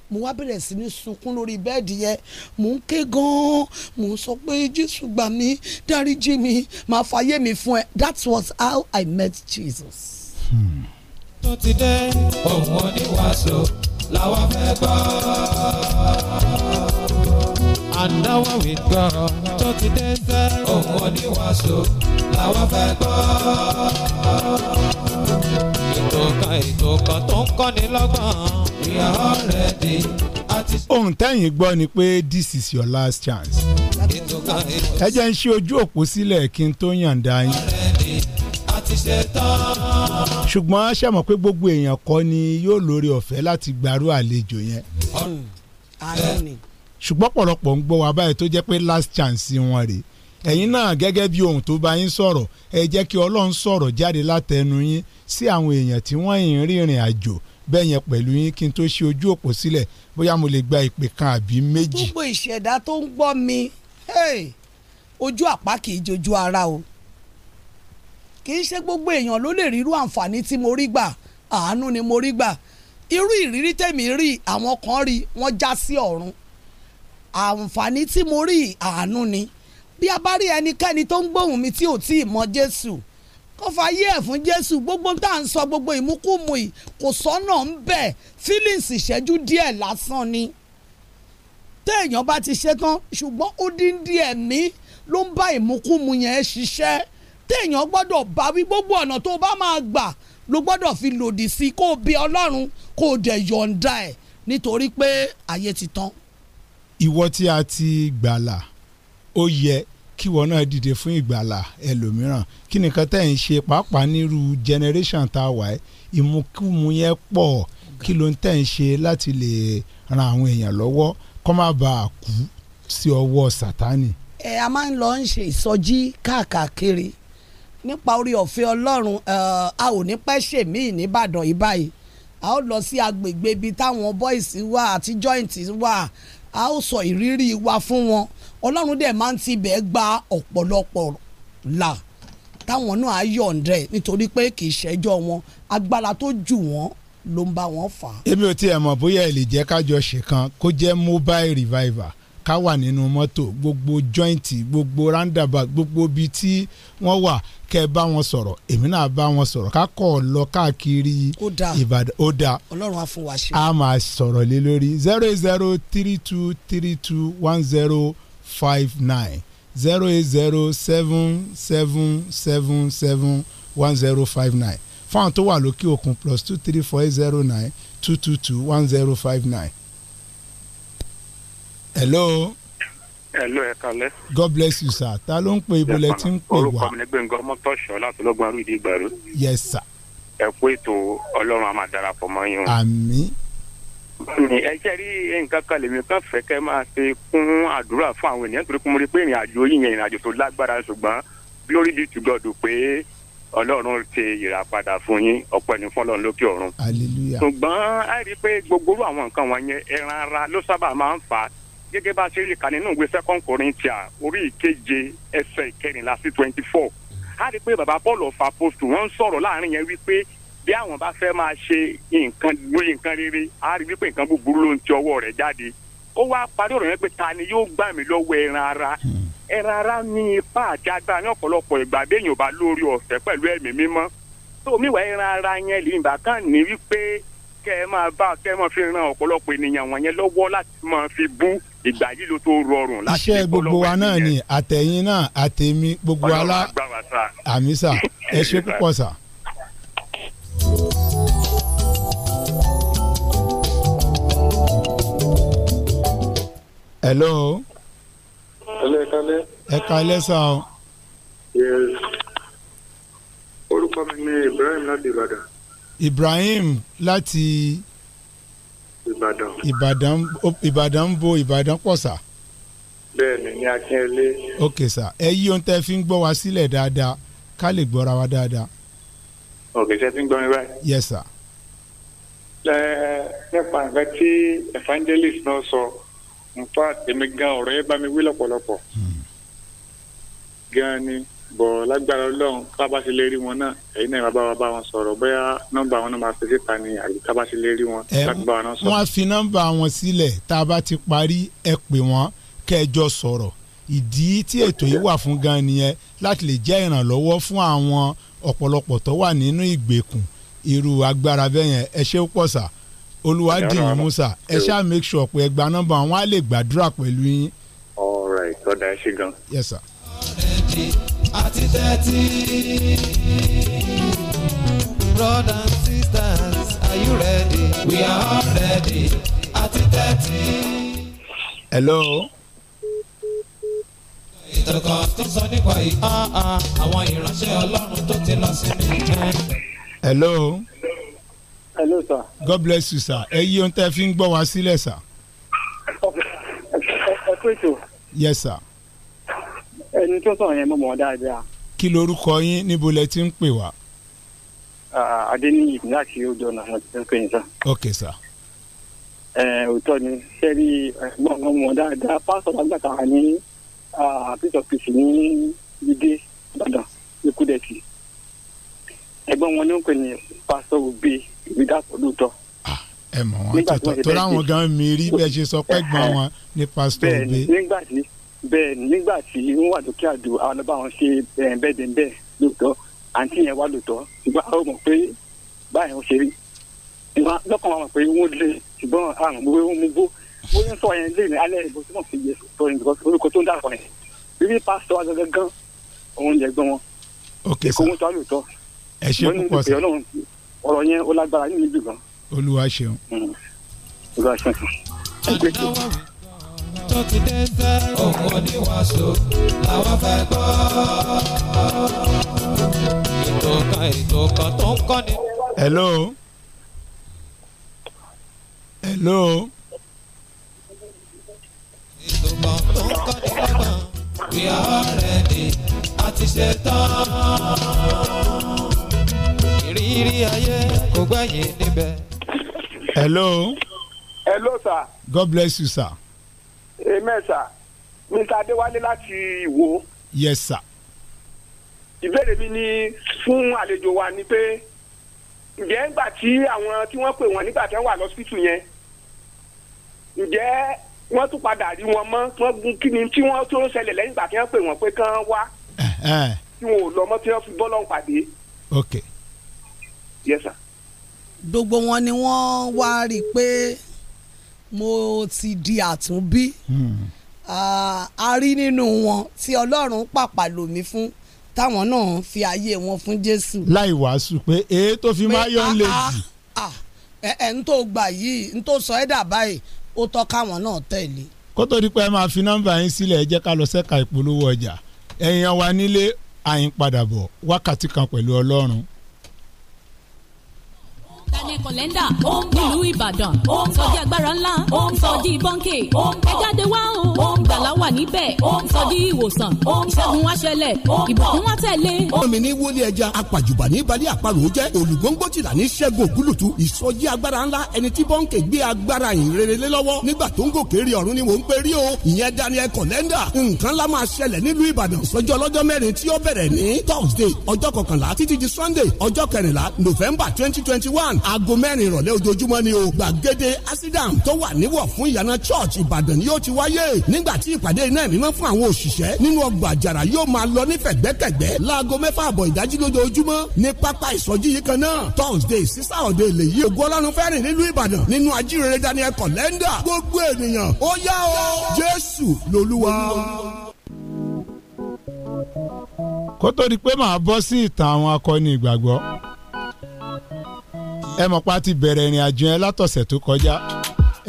mo wá bẹ̀rẹ̀ sí ní sunkún lórí bẹ́ẹ̀dì yẹn mo ń ké gan-an mo ń sọ pé jésù gbà mí dáríjì mi máa fàyè mi fún ẹ that was how I met Jesus. Hmm. tó ti dé ohun oníwàásù làwọn fẹ́ gbọ́. àdáwọ̀ wí gbọ́ tó ti dé sẹ́. ohun oníwàásù làwọn fẹ́ gbọ́ ka ètò kan tó ń kọ́ni lọ́gbọ̀n. we are already artist. ohun tẹ́yìn gbọ́ ni pé this is your last chance. ẹ jẹ́ ń ṣe ojú òpó sílẹ̀ kí n tó yàǹda yín. ṣùgbọ́n ṣe mọ̀ pé gbogbo èèyàn kọ́ ni yóò lórí ọ̀fẹ́ láti gbàrú àlejò yẹn. ṣùgbọ́n pọ̀lọpọ̀ ń gbọ́ wa báyìí tó jẹ́ pé last chance wọn rèé ẹ̀yin náà gẹ́gẹ́ bí ohun tó bá yín sọ̀rọ̀ ẹ jẹ́ kí ọlọ́run sọ̀rọ̀ jáde látẹnu yín sí àwọn èèyàn tí wọ́n ń rìnrìn àjò bẹ́ẹ̀ yẹn pẹ̀lú yín kí n tó ṣe ojú òpó sílẹ̀ bóyá mo lè gba ìpè kan àbí méjì. gbogbo ìṣẹ̀dá tó ń gbọ́ mi ojú àpá kì í jojú ara o kì í ṣe gbogbo èèyàn ló lè rírú àǹfààní tí mo rí gbà àánú ni mo rí gbà irú ìrírí tèmi rí àwọn kan rí wọ́n já sí ọ̀run àǹfààní tí mo rí àánú ni bí a bá rí ẹnikẹ́ni tó ń gbóhùn mi tí ò tí ì mọ Jésù kó fa yé ẹ̀ fún Jésù gbogbo tá à ń sọ gbogbo ìmúkùmù yìí kò sọ́nà ń bẹ̀ feelings ìṣẹ́jú díẹ̀ lásán ni téèyàn bá ti ṣe tán ṣùgbọ́n ó dín díẹ̀ mí ló ń bá ìmúkùmù yẹn ṣiṣẹ́ téèyàn gbọ́dọ̀ bá wí gbogbo ọ̀nà tó bá máa gbà ló gbọ́dọ̀ fi lòdì sí kó o bí Ọlọ́run kó o dẹ̀ yọ̀ǹda ẹ̀ nítorí pé ayé ti tán. ìwọ tí a ti gbàlà ó yẹ kí wọn náà dìde fún ìgbàlà ẹlòmíràn kí nìkan tẹ̀ ń ṣe pàápàá nírú generation tá a wà ẹ́ ìmúkúmu yẹn pọ̀ kí ló ń tẹ̀ ń ṣe láti lè ran àwọn èèyàn lọ́wọ́ kó má bàa kú sí ọwọ́ sátánì. ẹ a máa ń lọ ń ṣe ìsọjí káàkiri nípa orí ọ̀fẹ́ ọlọ́run a ò ní pẹ́ ṣèmí ìníbàdàn yìí báyìí a ó lọ sí agbègbè ibi táwọn bọ́ìsì wà àti jọ́ìntì wà a ó sọ ìrírí wa fún wọn ọlọ́run dẹ̀ máa ń tibẹ̀ gba ọ̀pọ̀lọpọ̀ là táwọn náà á yọ̀ǹdẹ̀ nítorí pé kì í ṣẹjọ́ wọn agbára tó jù wọ́n ló ń bá wọn fà á. èmi ò tiẹ̀ mọ̀ bóyá ẹ lè jẹ́ kájọ ṣe kó jẹ́ mobile reviver ká wà nínú mọ́tò gbogbo jointi gbogbo roundabout gbogbo ibi tí wọ́n wà kẹ́ ẹ bá wọn sọ̀rọ̀ èmi náà bá wọn sọ̀rọ̀ ká kọ́ ọ lọ káàkiri ìbàdàn ó dáa ọlọ́run á fún wa ṣe. a máa sọ̀rọ̀ lé lórí zero zero three two three two one zero five nine zero eight zero seven seven seven seven one zero five nine fáwọn tó wà lókè òkun plus two three four eight zero nine two two two one zero five nine. hello. hello ẹ kalẹ. god bless you sir ta ló ń pe ibùlẹ̀ tí ń pè wá. orúkọ mi ni gbẹ̀ngàn mọ́tọ́ṣọ́ láti lọ́gbọ̀n arúgbó ìgbàlú. yes sir. ẹ kú ètò ọlọ́run a máa darapọ̀ mọ́ yín o ẹ jẹ́ rí nǹkan kan lèmi kan fẹ́ kẹ́ máa ṣe kún àdúrà fún àwọn ènìyàn torí kún mo rí pé ìrìn àjò yìnyín ìrìn àjò tó lágbára ṣùgbọ́n glory be to God pé ọlọ́run ṣe ìràpadà fún yín ọpẹ́ ni fún ọlọ́run lókè ọ̀run. ṣùgbọ́n a rí i pé gbogbo àwọn nǹkan wọ̀nyẹn ẹran ara ló sábà máa ń fà á gẹ́gẹ́ bá a ṣe rí i kà nínú ìwé second Corinthians orí ìkeje ẹsẹ̀ ìkẹrìnlá sí twenty four a rí i pé bàbá Paul ọ̀fà post wọ́n ń sọ̀rọ̀ láàrin yẹn wípé bí àwọn bá fẹ́ máa ṣe nǹkan gbé nǹkan rere á rí wípé nǹkan búburú ló ń ti ọwọ́ rẹ̀ jáde ó wá parí ọ̀rọ̀ yẹn pé ta ni yóò gbà mí lọ́wọ́ ẹran ara hmm. ẹran ara ní ipá àti agbára ní ọ̀pọ̀lọpọ̀ ìgbà béèyàn bá lórí ọ̀fẹ́ pẹ̀lú ẹ̀mí mímọ́ tó omiwa ẹran ara yẹn lè bá kàn ní wípé kẹ́ ẹ máa bá kẹ́ ẹ máa fi ran ọ̀pọ̀lọpọ̀ ènìyàn wọ̀nyẹn lọ́wọ́ láti máa fi bú ìgbà yìí ló tó rọrùn iṣẹ́ gbogbo wa náà ni àtẹ̀yìn náà àtẹ̀mí gbogbo alá àmísà ẹ ṣe púpọ̀ sà hello. hello ẹ̀kalẹ́. ẹ̀kalẹ́ sá o. orúkọ mi ni Ibrahim láti Ìbàdàn. Ibrahim láti. Ìbàdàn. Ìbàdàn Ìbàdàn ń bo Ìbàdàn pọ̀ sá. bẹ́ẹ̀ni ní Akínyẹlé. ok sá ẹ yí ohun tẹ́ fi ń gbọ́ wa sílẹ̀ dáadáa ká lè gbọ́ra wa dáadáa. Okay, ṣe ti ń gbọ́ mi báyìí. yes sir. ẹ nípa nǹkan tí evangelist náà sọ nfa tèmi gan ọ̀rọ̀ yẹn bá mi wí lọ́pọ̀lọpọ̀ hmm. gan ni bọ̀ lágbára ọlọ́run kábà ṣe lè rí wọn náà ẹ̀yin náà bá wa bá wọn sọ̀rọ̀ bóyá nọ́mbà wọn náà máa fi síta ni àbí kábà ṣe lè rí wọn láti bá wọn náà sọ̀rọ̀. wọ́n fi nọ́mbà wọn sílẹ̀ tá a bá ti parí ẹ pè wọ́n kẹjọ sọ̀rọ̀ ìdí tí ètò yìí wà fún gan nìyẹn láti lè jẹ́ ìrànlọ́wọ́ fún àwọn ọ̀pọ̀lọpọ̀ tó wà nínú ìgbèkùn irú agbára bẹ́ẹ̀ yẹn ẹ ṣe pọ̀ sà olùwádìí musa ẹ ṣáà make sure pé ẹ gba wọn á lè gbàdúrà pẹ̀lú yín. all right ẹ ṣe gan. yes sir. àti tẹ́tí brothers and sisters are you ready we are all ready àti tẹ́tí. hello ìtẹ̀kọ̀ tó sọ nípa ìhà àwọn ìránṣẹ́ ọlọ́run tó ti lọ sí mi. hello. hello sir. god bless you sir. ẹ yí ohun tẹ́ fi ń gbọ́ wá sílẹ̀ sir. ẹ kú ètò. yes sir. ẹni tó sọ̀rọ̀ yẹn mo mọ̀ dáadáa. kí lorúkọ yín níbo lẹ ti ń pè wá. adeniyi láti ojú ọ̀nà àti ẹ̀kọ́ yìí sá. ok sir òótọ́ ni sẹ́rí ẹ̀gbọ́n ọmọ dáadáa pásítọ̀ lágbàtà ní àpéjọ ah, pèsè ní ìdè ìbàdàn ní kúdẹ̀tì ẹgbọ́n wọn ni wọ́n pè ní pásítọ̀ òbí ìgbédàpọ̀ lóòótọ́. Ah, ẹ mọ̀ wọ́n tọ̀tọ̀ tó láwọn gan mi rí bẹ́ẹ̀ ṣe sọ pé gbọ́n wọn ní pásítọ̀ òbí. bẹ́ẹ̀ nígbà tí bẹ́ẹ̀ nígbà tí wọ́n wà lókè àdó àwọn ọlọ́ba wọn ṣe eh, bẹ́ẹ̀ dẹ̀ bẹ́ẹ̀ lóòótọ́ àǹtí yẹn wá lóòótọ́ ṣùgbọ́n àwọn mọ̀ pé báyìí wọ́n ṣe rí lọ́kàn wọn mọ̀ pé wọ́n lé ṣùgbọ́n àwọn gbogbo wọn mú gbó ó ń sọ yẹn léèrè alẹ́ ìbò tí wọ́n fi yẹ sọ yẹn orúkọ tó ń dàpọ̀ yẹn bíbí pásítọ̀ wa gan òun yẹ gbọ́n wọn. ok sir ìkóhun tó a lò tọ́. ẹ ṣe púpọ̀ sí. ọ̀rọ̀ yẹn ó lágbára nínú ibi gan. olúwa ṣeun. Hmm. olúwa ṣeun. tó ti dé sẹ́ òun ò làwọn fẹ́ gbọ́. ètò kan ètò kan tó ń kọ́ni. hello. hello hello. hello sir. God bless you sir. amen sir. Mr. Adéwálé láti Ìwó. yes sir. ìbéèrè mi ni fún àlejò wa ni pé ǹjẹ́ ńgbà tí àwọn tí wọ́n pè wọ́n nígbà tí wọ́n wà lọ́sítù yẹn ǹjẹ́ wọ́n tún padà rí wọn mọ́ wọ́n gun kí ni tí wọ́n tó ṣẹlẹ̀ lẹ́yìn ìgbà tí wọ́n pè wọ́n pé kán wá eh, eh. tí wọn ò lọ mọ́ tí wọ́n fi bọ́lọ́ pàdé. ok. yes sir. gbogbo wọn ni wọ́n wá rí i pé mo ti di àtúnbí hmm. a rí nínú wọn tí ọlọ́run pàpà lò mí fún táwọn náà fi ayé wọn fún jésù. láì wàásù pé èé tó fi máa yọ̀ ah, ń lè ah, jù. ẹ̀ ẹ̀ ń tó gbà yìí ń tó sọ ẹ́ dà báyìí ó tọ́ káwọn náà tẹ̀lé. kó tó di pé ẹ máa fi nọ́mbà yín sílẹ̀ ẹ jẹ́ ká lọ sẹ́ka ìpolówó ọjà ẹ̀yàn wa nílé àyín padà bọ̀ wákàtí kan pẹ̀lú ọlọ́run Daniel Kolenda ó ń bọ̀ ìlú Ìbàdàn ó ń bọ̀ sọjí agbára ńlá ó ń bọ̀ sọjí bọ́ńkè ó ń bọ̀ ẹ jáde wá o ó ń gbàlá wà níbẹ̀ ó ń sọjí ìwòsàn ó ń ṣẹ́gun wá ṣẹlẹ̀ ìbùkún wá tẹ̀lé. omi ní wọlé ẹja apàjùbà ní balẹ̀ àparò jẹ́ olùgbòǹgbò tìlà ní ṣẹ́gun ògúlùtù ìsọjí agbára ńlá ẹni tí bọ́ńkè gbé agbára ìrere lọ́wọ́ nígbà ni mò o ìyẹn Daniel Kolenda nǹkan lá máa ṣẹlẹ̀ nílùú Ìbàdàn sọjọ́ ọlọ́jọ́ Thursday ọjọ́ kọkànlá títí di Sunday ọjọ́ kẹrìnlá November twenty one aago mẹ́rin ìrọ̀lẹ́ ojoojúmọ́ ni o gbàgede asidam tó wà níwọ̀ fún ìyànà church ìbàdàn ni yóò ti wáyé nígbà tí ìpàdé iná mímọ́ fún àwọn òṣìṣẹ́ nínú ọgbà àjàrà yóò máa lọ nífẹ̀gbẹ́kẹ̀gbẹ́ láago mẹ́fà àbọ̀ ìdájí lójoojúmọ́ ní pápá ìsọjí yìí kan náà thursday sísá òde lè yí ògo ọlọ́run fẹ́rìn nílùú ìbàdàn nínú ajírere daniel kọ̀lẹ́ndà gbogbo ènìyàn ó yá o jésù lolúwa. kó tó di pé màá bọ́ sí ìtàn àwọn akọni ìgbàgbọ́ ẹ mọ̀ pa ti bẹ̀rẹ̀ ìrìn àjò yẹn látọ̀sẹ̀ tó kọjá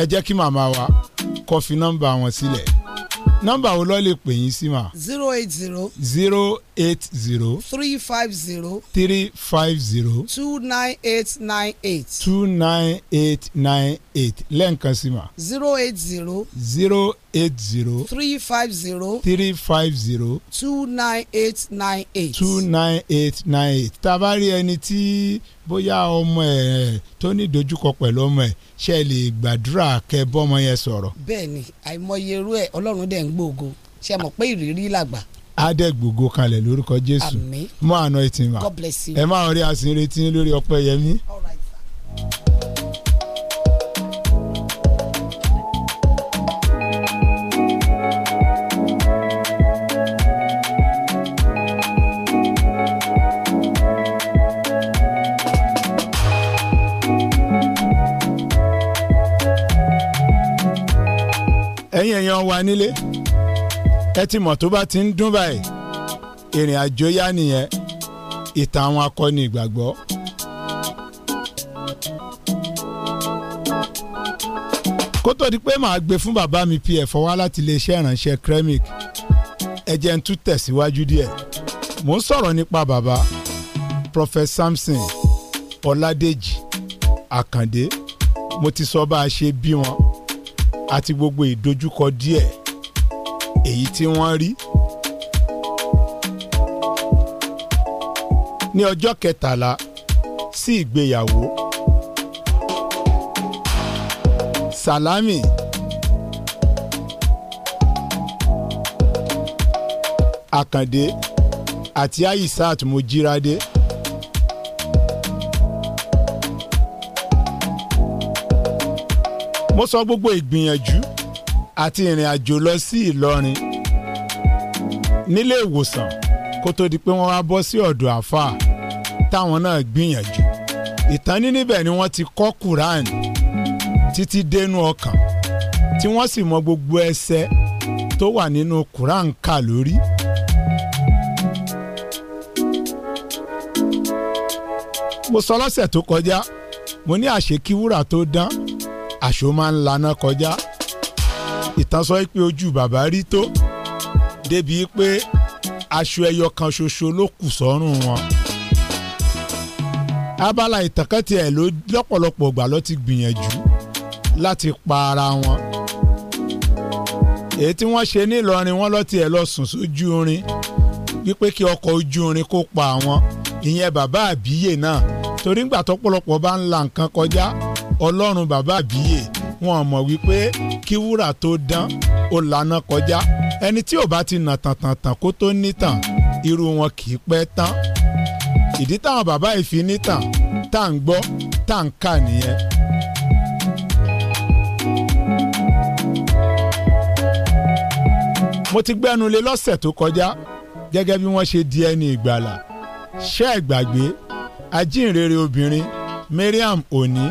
ẹ jẹ́ kí màmá wa kó fi nọ́mbà wọn sílẹ̀ nọ́mbà wo ló lè pè yín sí ma. zero eight zero. zero eight zero. three five zero. three five zero. two nine eight nine eight. two nine eight nine eight lẹ́ǹkan sí ma. zero eight zero. zero eight zero. three five zero. three five zero. two nine eight nine eight. two nine eight nine eight. tá a bá rí ẹni tí bóyá ọmọ ẹ tó ní ìdojúkọ pẹ̀lú ọmọ ẹ ṣe lè gbàdúrà kẹ́ bọ́mọ yẹn sọ̀rọ̀. bẹ́ẹ̀ni àìmọye irú ẹ Ọlọ́run dẹ ń gbòògo ṣe mọ̀ pé ìrírí làgbà. adẹ́gbògo kalẹ̀ lórúkọ Jésù àmín mọ́ àná ìtìmọ̀ God bless you. ẹ máa rí àsìnrètí lórí ọpẹ́ yẹmí. all right sir. ẹ̀yin èèyàn wa nílé ẹ ti mọ̀ tó bá ti ń dún báyìí ìrìn àjò yá nìyẹn ìtàn àwọn akọni ìgbàgbọ́. kó tó di pé màá gbé fún bàbá mi pf wá láti iléeṣẹ́ ìrànṣẹ́ kremik ẹ jẹ́ n tún tẹ̀síwájú díẹ̀ mò ń sọ̀rọ̀ nípa bàbá Prophet Samson Ọládèjì Àkàndé mo ti sọ bá a ṣe bí wọn àti gbogbo ìdojúkọ díẹ̀ èyí tí wọ́n rí. ní ọjọ́ kẹtàlá sí ìgbéyàwó Salami Àkàndé àti Aisat Mojírádé. mo sọ gbogbo ìgbìyànjú àti ìrìn àjò lọ sí Ìlọrin nílé ìwòsàn kó tó di pé wọ́n wá bọ́ sí ọ̀dọ̀ àfáà táwọn náà gbìyànjú ìtàn ní níbẹ̀ ni wọ́n ti kọ́ Quran títí dénú ọkàn tí wọ́n sì mọ gbogbo ẹsẹ̀ tó wà nínú Quran kà lórí. mo sọ lọ́sẹ̀ tó kọjá mo ní àṣekíwúrà tó dán àṣọ máa ń laná kọjá ìtàn sọ pé ojú bàbá rí tó débìí pé aṣọ ẹyọ kan ṣoṣo ló kù sọ́rùn wọn abala ìtànkẹ́tì ẹ̀ ló lọ́pọ̀lọpọ̀ ìgbà ló ti gbìyànjú láti pa ara wọn èyí tí wọ́n ṣe nílọrin wọ́n lọ́ọ́ tiẹ̀ lọ sùn sójú irin wípé kí ọkọ̀ ojú irin kó pa àwọn ìyẹn bàbá àbíyè náà torí ńgbà tọ́pọ̀lọpọ̀ bá ń la nǹkan kọjá ọlọ́run bàbá àbíyè wọn mọ̀ wípé kí wúrà tó dán ó lànà kọjá ẹni tí ò bá ti nà tàntàntàn kó tó nítàn irú wọn kì í pẹ́ tán ìdí táwọn bàbá yìí fi nítàn tá à ń gbọ́ tá à ń kà nìyẹn. mo ti gbẹ́nu lọ́sẹ̀ tó kọjá gẹ́gẹ́ bí wọ́n ṣe di ẹni ìgbàlà ṣẹ́ ẹ̀gbàgbé ajínrere obìnrin Mariam Oni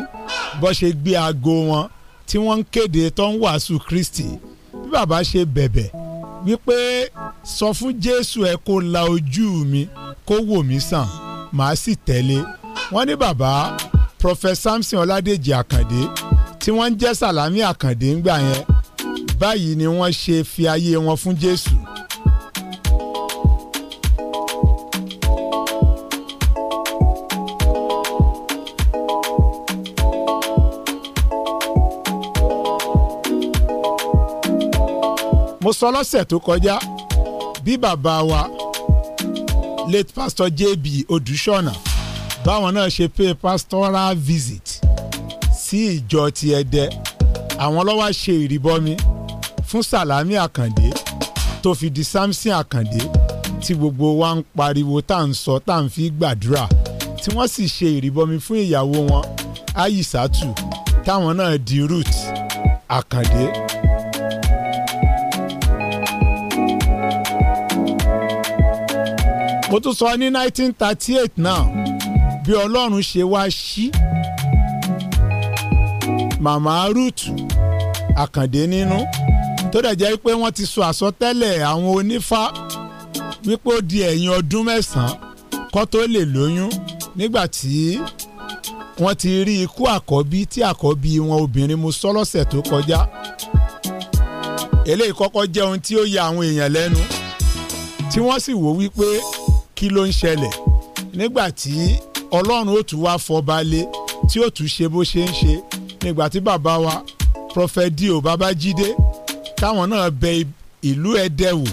bọ́ ṣe gbé aago wọn tí wọ́n ń kéde tó ń wàásù Kristi bí bàbá ṣe bẹ̀bẹ̀ wípé sọ fún Jésù ẹ kó la ojú mi kó wò mí sàn màá sì tẹ̀lé wọ́n ní bàbá Prophet Samson Ọládèjì Àkàndé tí wọ́n ń jẹ́ Sàlámì Àkàndé ńgbà yẹn báyìí ni wọ́n ṣe fi ayé wọn fún Jésù mo sọ lọ́sẹ̀ tó kọjá bí bàbá wa late pastor JB Odùṣọ̀nà báwọn náà ṣe pay pastoral visit sí ìjọ ti Ẹdẹ àwọn ló wá ṣe ìrìbọmi fún Sàlámì Àkàndé tó fi di Samson Àkàndé tí gbogbo wa ń pariwo tá à ń sọ tá à ń fi gbàdúrà tí wọ́n sì ṣe ìrìbọmi fún ìyàwó wọn Ayisatu táwọn náà di Ruth Àkàndé mo tún sọ ní nineteen thirty eight náà bí ọlọ́run ṣe wá sí màmá ruth àkàndé nínú tó dẹ̀ jẹ́ pé wọ́n ti sọ àsọtẹ́lẹ̀ àwọn onífá wípé ó di ẹ̀yìn ọdún mẹ́sàn-án kó tó lè lóyún nígbà tí wọ́n ti rí ikú àkọ́bí tí àkọ́bí wọn obìnrin mu sọ lọ́sẹ̀ tó kọjá eléyìí kọ́kọ́ jẹ́ ohun tí ó ya àwọn èèyàn lẹ́nu tí wọ́n sì wò wípé kí ló ń ṣẹlẹ̀ nígbà tí ọlọ́run ó tún wá fọba lé tí ó tún ṣe bó ṣe ń ṣe nígbà tí bàbá wa Prophet Dio Babájídé táwọn náà bẹ ìlú Ẹdẹ wò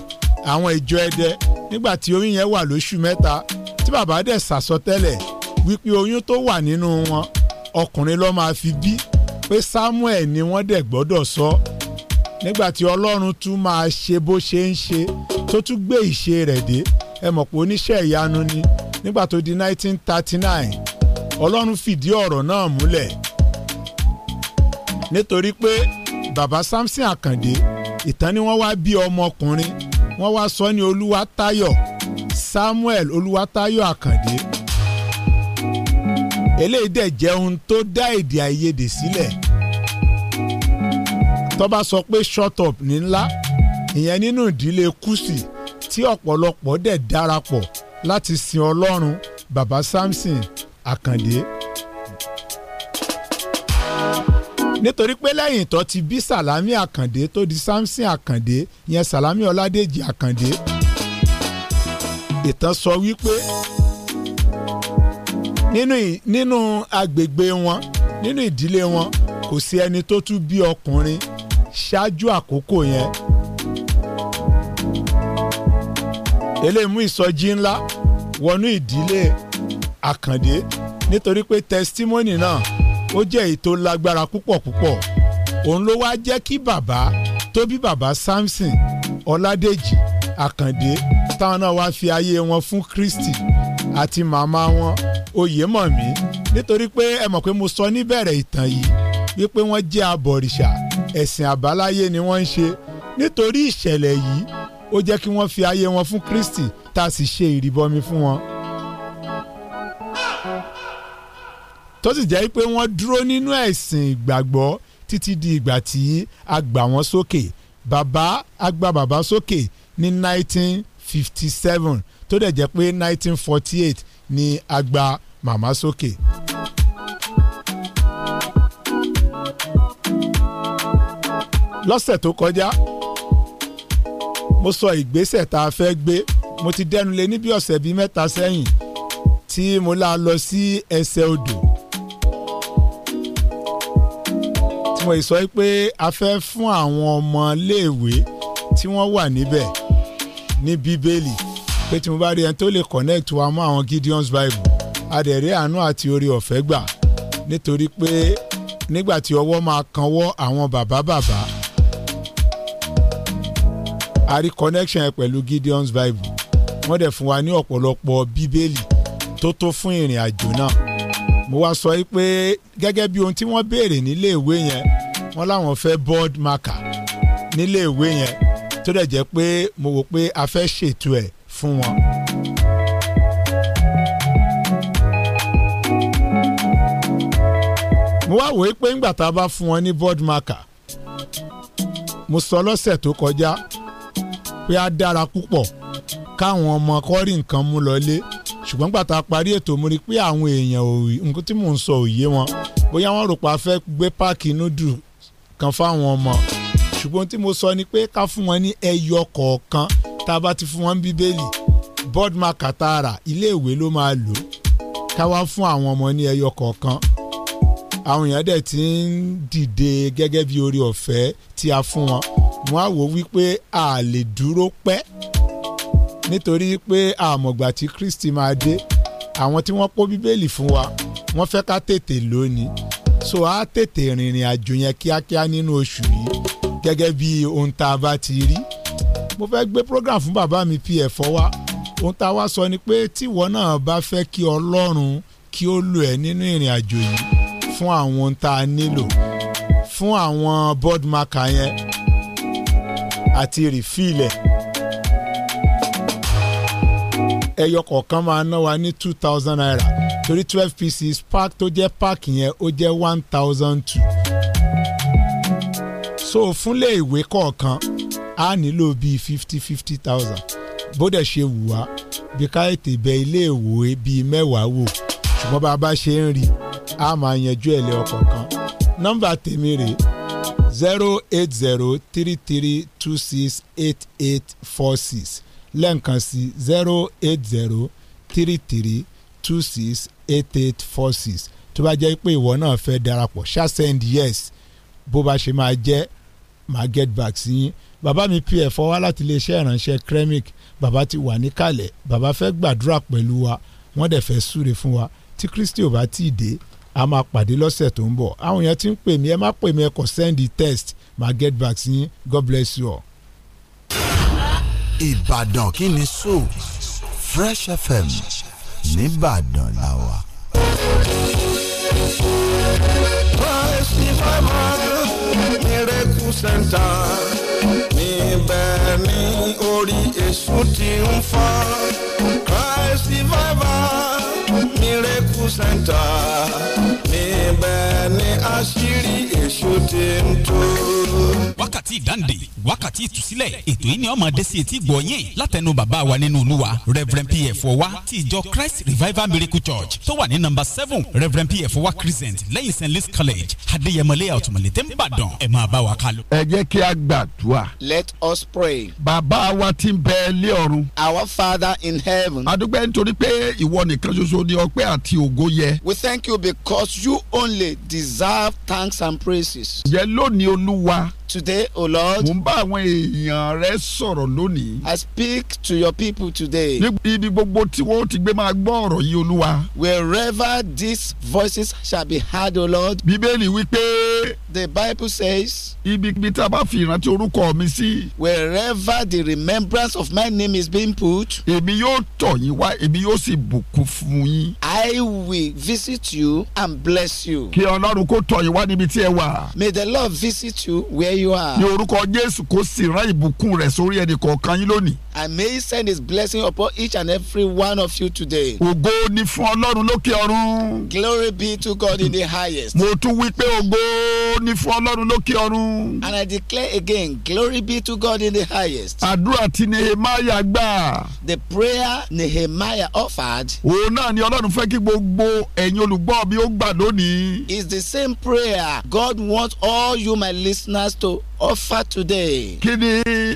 àwọn ìjọ Ẹdẹ nígbà tí oyún yẹn wà lóṣù mẹ́ta tí bàbá dẹ̀ sàsọtẹ́lẹ̀ wípé oyún tó wà nínú wọn ọkùnrin ló máa fi bí pé Samuel ni wọ́n dẹ̀ gbọ́dọ̀ sọ nígbà tí ọlọ́run tún máa ṣe bó ṣe ń ṣe tó tún gbé ìṣe rẹ̀ dé ẹ mọ̀ pé oníṣẹ́ ìyanu ni nígbà tó di 1939 ọlọ́run fìdí ọ̀rọ̀ náà múlẹ̀ nítorí pé bàbá Samson Àkàndé ìtàn ni wọ́n wá bí ọmọkùnrin wọ́n wá sọ ní Olúwatáyọ̀ Samuel Olúwatáyọ̀ Àkàndé eléyìí dẹ̀ jẹ́ ohun tó dá èdè àìyedè sílẹ̀ tó sọ pé shut up ní ńlá ìyẹn nínú ìdílé Kúsì tí ọ̀pọ̀lọpọ̀ dẹ̀ darapọ̀ láti sin Ọlọ́run Baba Samson Àkàndé. nítorí pé lẹ́yìn tó ti bí Sàlámì Àkàndé tó di Samson Àkàndé yẹn Sàlámì Ọládèjì Àkàndé ìtàn sọ wípé nínú nínú agbègbè wọn nínú ìdílé wọn kò sí ẹni tó tún bí ọkùnrin ṣáájú àkókò yẹn eléyìí mú ìsọjí ńlá wọnú ìdílé àkàndé nítorí pé testimony náà ó jẹ́ èyí tó lágbára púpọ̀ púpọ̀ òun ló wá jẹ́ kí bàbá tó bí bàbá Samson ọládèjì àkàndé táwọn náà wá fi ayé wọn fún Kristi àti màmá wọn oyèmọ̀mí nítorí pé ẹ mọ̀ pé mo sọ níbẹ̀rẹ̀ ìtàn yìí wípé wọ́n jẹ́ abọ̀rìṣà ẹ̀sìn àbáláyé ni wọ́n ń ṣe nítorí ìṣẹ̀lẹ̀ yìí ó jẹ́ kí wọ́n fi ayé wọn fún Kristi tá a sì ṣe ìrìbọmi fún wọn. tó sì jẹ́ pé wọ́n dúró nínú ẹ̀sìn ìgbàgbọ́ títí di ìgbà tí a gbà wọ́n sókè bàbá a gba bàbá sókè ní 1957 tó dẹ̀ jẹ́ pé 1948 ni a gba màmá sókè. lọ́sẹ̀ tó kọjá mo sọ ìgbésẹ̀ tá a fẹ́ gbé mo ti dẹnulẹ̀ níbi ọ̀sẹ̀ bíi mẹ́ta sẹ́yìn tí mo la lọ sí ẹsẹ̀ odò tí mo sọ pé a fẹ́ fún àwọn ọmọ iléèwé tí wọ́n wà níbẹ̀ ní bíbélì pé tí mo bá rí ẹni tó lè connect wa mọ́ àwọn Gideon's Bible adẹ̀rẹ́ àánú àti orí ọ̀fẹ́ gbà nítorí pé nígbà tí ọwọ́ máa kanwọ́ àwọn bàbá bàbá a rí connection yẹn pẹ̀lú Gideon's Bible wọ́n dẹ̀ fún wa ní ọ̀pọ̀lọpọ̀ bíbélì tó tó fún ìrìn àjò náà mo wá sọ pé gẹ́gẹ́ bí ohun tí wọ́n béèrè nílé ìwé yẹn wọ́n láwọn fẹ́ board marker nílé ìwé yẹn tó dẹ̀ jẹ́ pé mo wò pé a fẹ́ ṣètò ẹ̀ fún wọn. mo wá wòó pé ńgbà tá a bá fún wọn ní board marker mo sọ lọ́sẹ̀ tó kọjá pé á dára púpọ̀ káwọn ọmọ kọ́rí nǹkan mú lọlé ṣùgbọ́n gbàtà parí ètò mo rí pé àwọn èèyàn nǹkan tí mò ń sọ òye wọn bóyá wọ́n rò pa fẹ́ gbé páàkì núdù kan fáwọn ọmọ ṣùgbọ́n tí mo sọ ni pé ká fún wọn ní ẹyọ kọ̀ọ̀kan tá a bá ti fún wọn bíbélì board marker tá iléèwé ló máa lò ká wá fún àwọn ọmọ ní ẹyọ kọ̀ọ̀kan àwọn èèyàn dẹ̀ ti ń dìde gẹ́gẹ́ bí orí ọ̀fẹ́ tí a fún wọn wọn á wò wípé a lè dúró pẹ́ nítorí pé àmọ̀gbà tí Kristi máa dé àwọn tí wọ́n kó bíbélì fún wa wọ́n fẹ́ ká tètè lónìí so a tètè rìnrìn àjò yẹn kíákíá nínú oṣù yìí gẹ́gẹ́ bí ohun tá a bá ti rí mo fẹ́ gbé program fún bàbá mi pf wa ohun tá a wá sọ ni pé tíwọ náà bá fẹ́ kí Ọlọ́run kí ó lò ẹ́ nínú ìrìn àjò yìí fún àwọn tá a nílò fún àwọn board marker yẹn àti rìfílẹ̀ ẹyọ kọ̀ọ̀kan máa ná wa ní two thousand naira torí twelve pieces pack tó jẹ́ pack yẹn ó jẹ́ one thousand two so fúnlé ìwé kọ̀ọ̀kan a nílò bíi fifty fifty thousand bó dẹ̀ ṣe wù wá bí ká ètè bẹ ilé ìwé bíi mẹ́wàá wò ṣùgbọ́n bá a bá ṣe ń rí i a máa yanjú ẹ̀ lé ọkọ̀ kan nọ́mbà tèmi rèé zero eight zero three three two six eight eight four six lẹ́ǹkan sí zero eight zero three three two six eight eight four six tó bá jẹ́ pé ìwọ náà fẹ́ darapọ̀ ṣá send yes bó bá ṣe máa jẹ́ máa get back sí yín bàbá mi pf wá láti iléeṣẹ́ ìránṣẹ́ kremik bàbá ti wà níkàlẹ̀ bàbá fẹ́ gbàdúrà pẹ̀lú wa wọ́n dẹ̀ fẹ́ súre fún wa tí kristi ò bá tí ì dé a máa pàdé lọ́sẹ̀ tó ń bọ̀ àwọn èèyàn ti ń pè mí ẹ má pè mí ẹ kàn send the test, ma get vaccine. god bless you all. ìbàdàn kí ni so fresh fm nìbàdàn la wà. miracle center níbẹ̀ ni orí èṣù ti ń fọ́ christ revival kú sẹ́ńtà níbẹ̀ ni àṣírí ń tó. wákàtí wákàtí ìtúsílẹ̀ ètò yìí ni ọmọ etí látẹnu bàbá wa nínú olúwa reverend pf ti ìjọ christ revival miracle church tó wà ní nọ́mbà seven reverend pf lẹ́yìn st louis college adéyẹmọlẹ́ tẹ́ ń bàdàn ẹ̀ máa bá wa ẹ jẹ́ kí a gbàdúrà. let us pray. bàbá wa ti ń bẹ ilé ọ̀run. our father in heaven. adúgbò pé ìwọ nìkan ṣoṣo ni ọpẹ́ àti ògo yẹ. we thank you because you only deserve thanks and praise. promises. yẹ lónìí olúwa today o oh lord. mo ń bá àwọn èèyàn rẹ sọ̀rọ̀ lónìí. i speak to your people today. níbi gbogbo tí wọ́n ti gbé máa gbọ́ ọ̀rọ̀ yìí olúwa. wherever these voices shall be heard o oh lord. bíbélì wípé. the bible says. ibikíbi tá a bá fi ìrántí orúkọ mi sí. wherever the remembrance of my name is being put. èmi yóò tọ̀ yín wá èmi yóò sì bùkún fún yín. i will visit you and bless you. kí ọlọ́run kó tọ̀ yín wá níbi tí ẹ wà. may the lord visit you where I jésù kó sì ìbùkún rẹ̀ sórí ẹnì kọ̀ọ̀kan yín lónìí. may send his blessing upon each and every one of you today. ògo ni fún ọlọ́run lókè ọ̀run. glory be to God in the highest. mo tún wí pé ògo ni fún ọlọ́run lókè ọ̀run. and I declare again glory be to God in the highest. àdúrà tí nehemiah gbà. the prayer nehemiah offered. òun náà ni ọlọ́run fẹ́ kí gbogbo ẹ̀yin olùgbọ́ mi ó gbà lónìí. is the same prayer God wants all you my listeners to to offer today. kí ni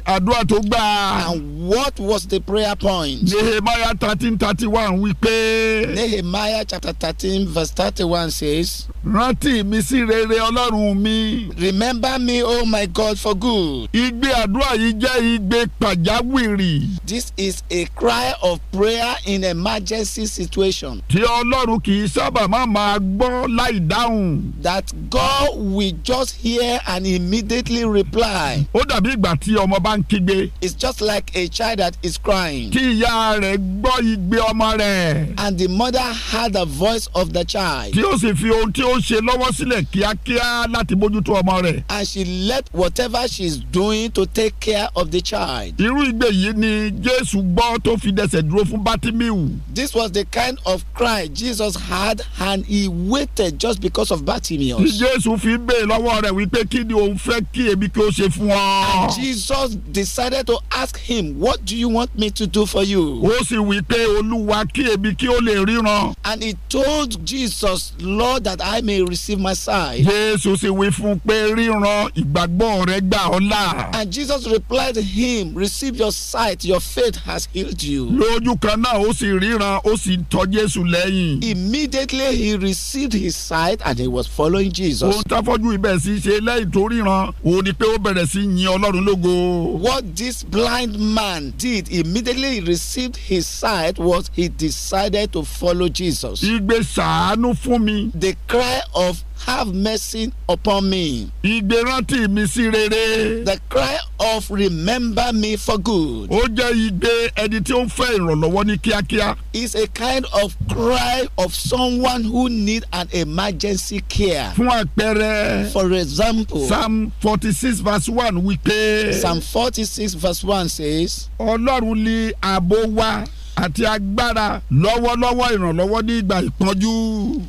àdúrà tó gbà. and what was the prayer point. nehemiah thirteen thirty one wí pé. nehemiah chapter thirteen verse thirty one says. rántí mi sí rere ọlọ́run mi. remember me o oh my God for good. igbe àdúrà yìí jẹ́ igbe pàjáwìrì. this is a cry of prayer in emergency situation. tí ọlọ́run kì í sábà máa máa gbọ́ láì dáhùn. that God will just hear and immediately immediately reply. ó dàbí ìgbà tí ọmọ bá ń kígbe. it's just like a child that is crying. kí ìyá rẹ̀ gbọ́ igbe ọmọ rẹ̀. and the mother heard the voice of the child. tí ó sì fi ohun tí ó ṣe lọ́wọ́ sílẹ̀ kíákíá láti bójútó ọmọ rẹ̀. and she let whatever she is doing to take care of the child. irú igbe yìí ni Jésù gbọ́ tó fi dẹsẹ̀ dúró fún Bátímíù. this was the kind of cry Jesus had and he waited just because of Batimius. Jésù fi bẹ́ẹ̀ lọ́wọ́ rẹ̀ wípé kí ni òun fẹ́ kí èmi kí ó ṣe fún ọ. And Jesus decided to ask him what do you want me to do for you. ó sì wí pé olúwa kí èmi kí ó lè ríran. And he told Jesus Lord that I may receive my sight. Jésù sì wí fún pé ríran ìgbàgbọ́ rẹ gbà ọ́ là. And Jesus replied to him receive your sight your faith has healed you. lójú kan náà ó sì ríran ó sì tọ Jésù lẹ́yìn. Immediately he received his sight and he was following Jesus. ohun táfọ́jú ibẹ̀ sì ṣe lẹ́yìn tó ríran ó ní pé ó bẹ̀rẹ̀ sí yin ọlọ́run lógo. what this blind man did immediately he received his sight was he decided to follow Jesus. igbe ṣàánú fún mi. the cry of have mercy upon me. Ìgbérántí mi sí rere. The cry of remember me for good. Ó jẹ́ igbe ẹni tí ó ń fẹ́ ìrànlọ́wọ́ ní kíákíá. It's a kind of cry of someone who need an emergency care. Fún àpẹẹrẹ. For example. Psalm forty-six verse one wípé. Psalm forty-six verse one says. Ọlọ́run ni ààbò wa àti agbára lọ́wọ́lọ́wọ́ ìrànlọ́wọ́ ní ìgbà ìpọ́njú.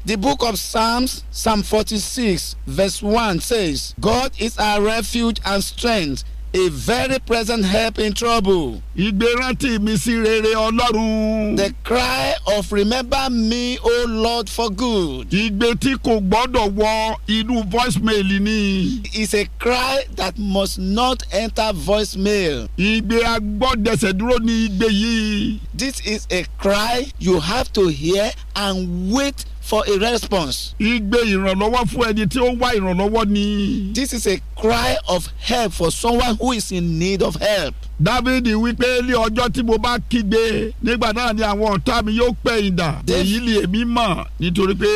The book of Psalms, Psalm forty-six, verse one says, God is our refuge and strength a very present help in trouble. ìgbérántí mi sí rere ọlọ́run. the cry of remember me o lord for good. ìgbé tí kò gbọ́dọ̀ wọ inú voicemail ni. is a cry that must not enter voicemail. ìgbé agbọ́dẹ̀sẹ̀ dúró ni ìgbé yìí. this is a cry you have to hear and wait for a response. igbe ìrànlọ́wọ́ fún ẹni tí ó ń wá ìrànlọ́wọ́ ni. this is a cry of help for someone who is in need of help dávidi wípé ní ọjọ́ tí mo bá kígbe nígbà náà ni àwọn ọ̀tá mi yóò pẹ̀yìn dà èyí lè mí mọ̀ nítorí pé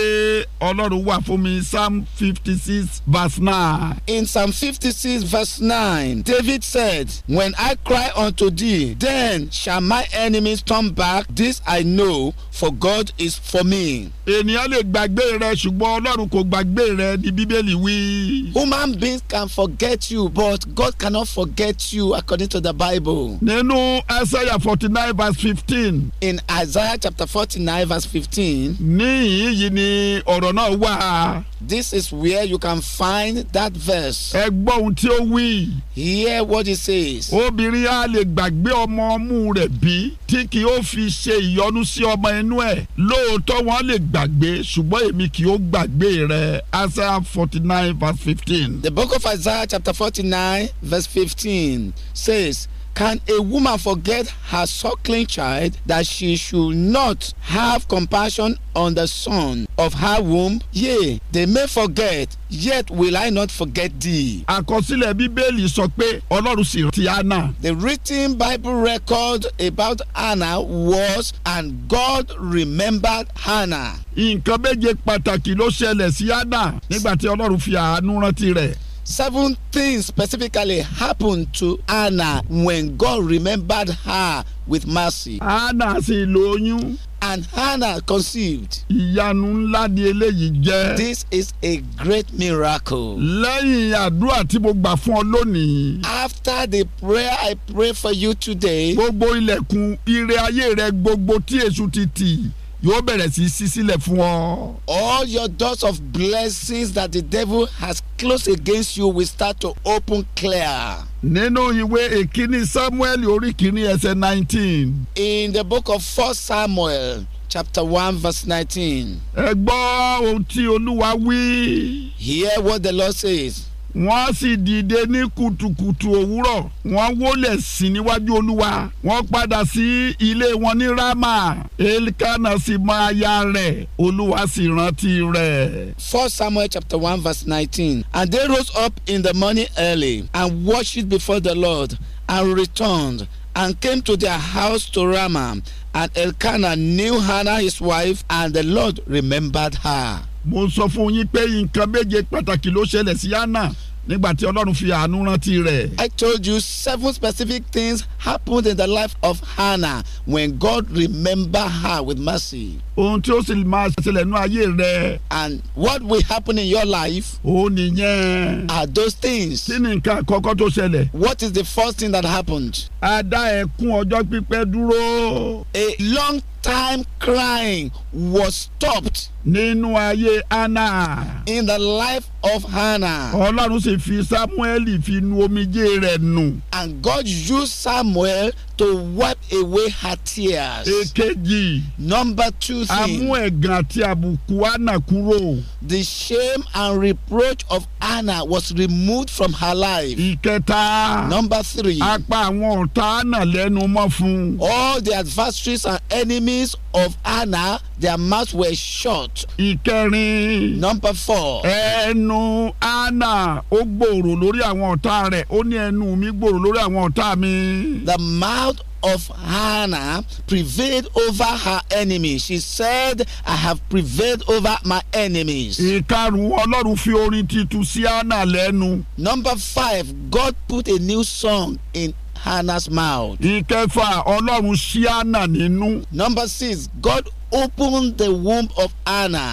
ọlọ́run wà fún mi psalm fifty six verse nine. in psalm fifty six verse nine david said when i cry unto thee then shall my enemies turn back this i know for god is for me. ènìyàn lè gbàgbé rẹ ṣùgbọ́n ọlọ́run kò gbàgbé rẹ ni bíbélì wí. human beings can forget you but God cannot forget you according to the bible. Bible. Nínú Isaiah forty nine verse fifteen. In Isaiah chapter forty nine verse fifteen. Níyìn yìí ni ọ̀rọ̀ náà wà. This is where you can find that verse. Ẹ gbọ́ ohun tí ó wí. Hear what it says. Obìnrin á lè gbàgbé ọmọ ọmú rẹ̀ bí tí kì ó fi ṣe ìyọnu sí ọmọ inú ẹ̀. Lóòótọ́ wọn lè gbàgbé ṣùgbọ́n èmi kì ó gbàgbé rẹ̀. Isaiah forty nine verse fifteen. The book of Isaiah chapter forty nine verse fifteen says. Can a woman forget her suckling child that she should not have compassion on the son of her womb? Yea, they may forget, yet will I not forget thee. Àkọsílẹ̀ Bíbélì sọ pé Ọlọ́run sì rántí Anna. The written Bible record about Anna was and God remembered Hannah. Nǹkan méje pàtàkì ló ṣẹlẹ̀ sí Anna nígbà tí Ọlọ́run fi àánú rántí rẹ̀ seven things specifically happened to Anna when God remembered her with mercy. Anna sì lóyún. And Hannah conceived. Ìyanu ńlá ni eléyìí jẹ́. This is a great miracle. Lẹ́yìn àdúrà tí mo gbà fún ọ lónìí. After the prayer I pray for you today. Gbogbo ilẹ̀kùn ire ayé rẹ gbogbo tí èṣù ti tì yóò bẹ̀rẹ̀ sí sí sílẹ̀ fún ọ. all your doors of blessings that the devil has closed against you will start to open clear. nínú ìwé ìkíní samuel orí kìíní ẹsẹ̀ nineteen. in the book of first samuel chapter one verse nineteen. ẹ gbọ́ ohun tí olúwa wí. hear what the lord says wọ́n sì dìde ní kùtùkùtù òwúrọ̀ wọ́n wólẹ̀ sí níwájú olúwa wọ́n padà sí ilé wọn ní Rámà Elkana sì mọ aya rẹ̀ olúwa sì rántí rẹ̀. First Samuel chapter one verse nineteen and they rose up in the morning early and worshipped before the Lord and returned and came to their house to Ramah and Elkanah knew Hannah his wife and the Lord remembered her mo ń sọ fún yín pé nǹkan méje pàtàkì ló ṣẹlẹ̀ sí Hánà nígbà tí Ọlọ́run fi àánú rántí rẹ̀. I told you seven specific things happened in the life of Hannah when God remembered her with mercy. Ohun tí ó sì máa ṣẹlẹ̀ nú ayé rẹ. And what will happen in your life. Ó nìyẹn. Are those things. Kí ni nǹkan àkọ́kọ́ tó ṣẹlẹ̀? What is the first thing that happened? a dá ẹkún ọjọ́ pípẹ́ dúró. a long time crying was stopped. nínú ayé Hánà. in the life of Hannah. Ọlọ́run sì fi Sámúẹ́lì fi nu omijé rẹ̀ nù. and God used Samuel to wipe away her tears. èkejì. number two thing. amú ẹ̀gàn àti àbùkù anna kúrò. the shame and reproach of anna was removed from her life. ìkẹta. number three. a àwọn ọ̀tá anna lẹ́nu mọ́ fún. all the adversaries and enemies of Anna, their mouths were shut. Ìkẹrin. Number four. Ẹnu Hannah ó gbòòrò lórí àwọn ọ̀tá rẹ̀, ó ní ẹnu mi gbòòrò lórí àwọn ọ̀tá mi. The mouth of Anna prevailed over her enemies. She said, I have prevailed over my enemies. ìkarùn Ọlọ́run fi orin titun sí Hannah lẹ́nu. Number five, God put a new song in Hannah's mouth. Ìkẹfà Ọlọ́run ṣí Hannah nínú. Number six, God opened the womb of Anna.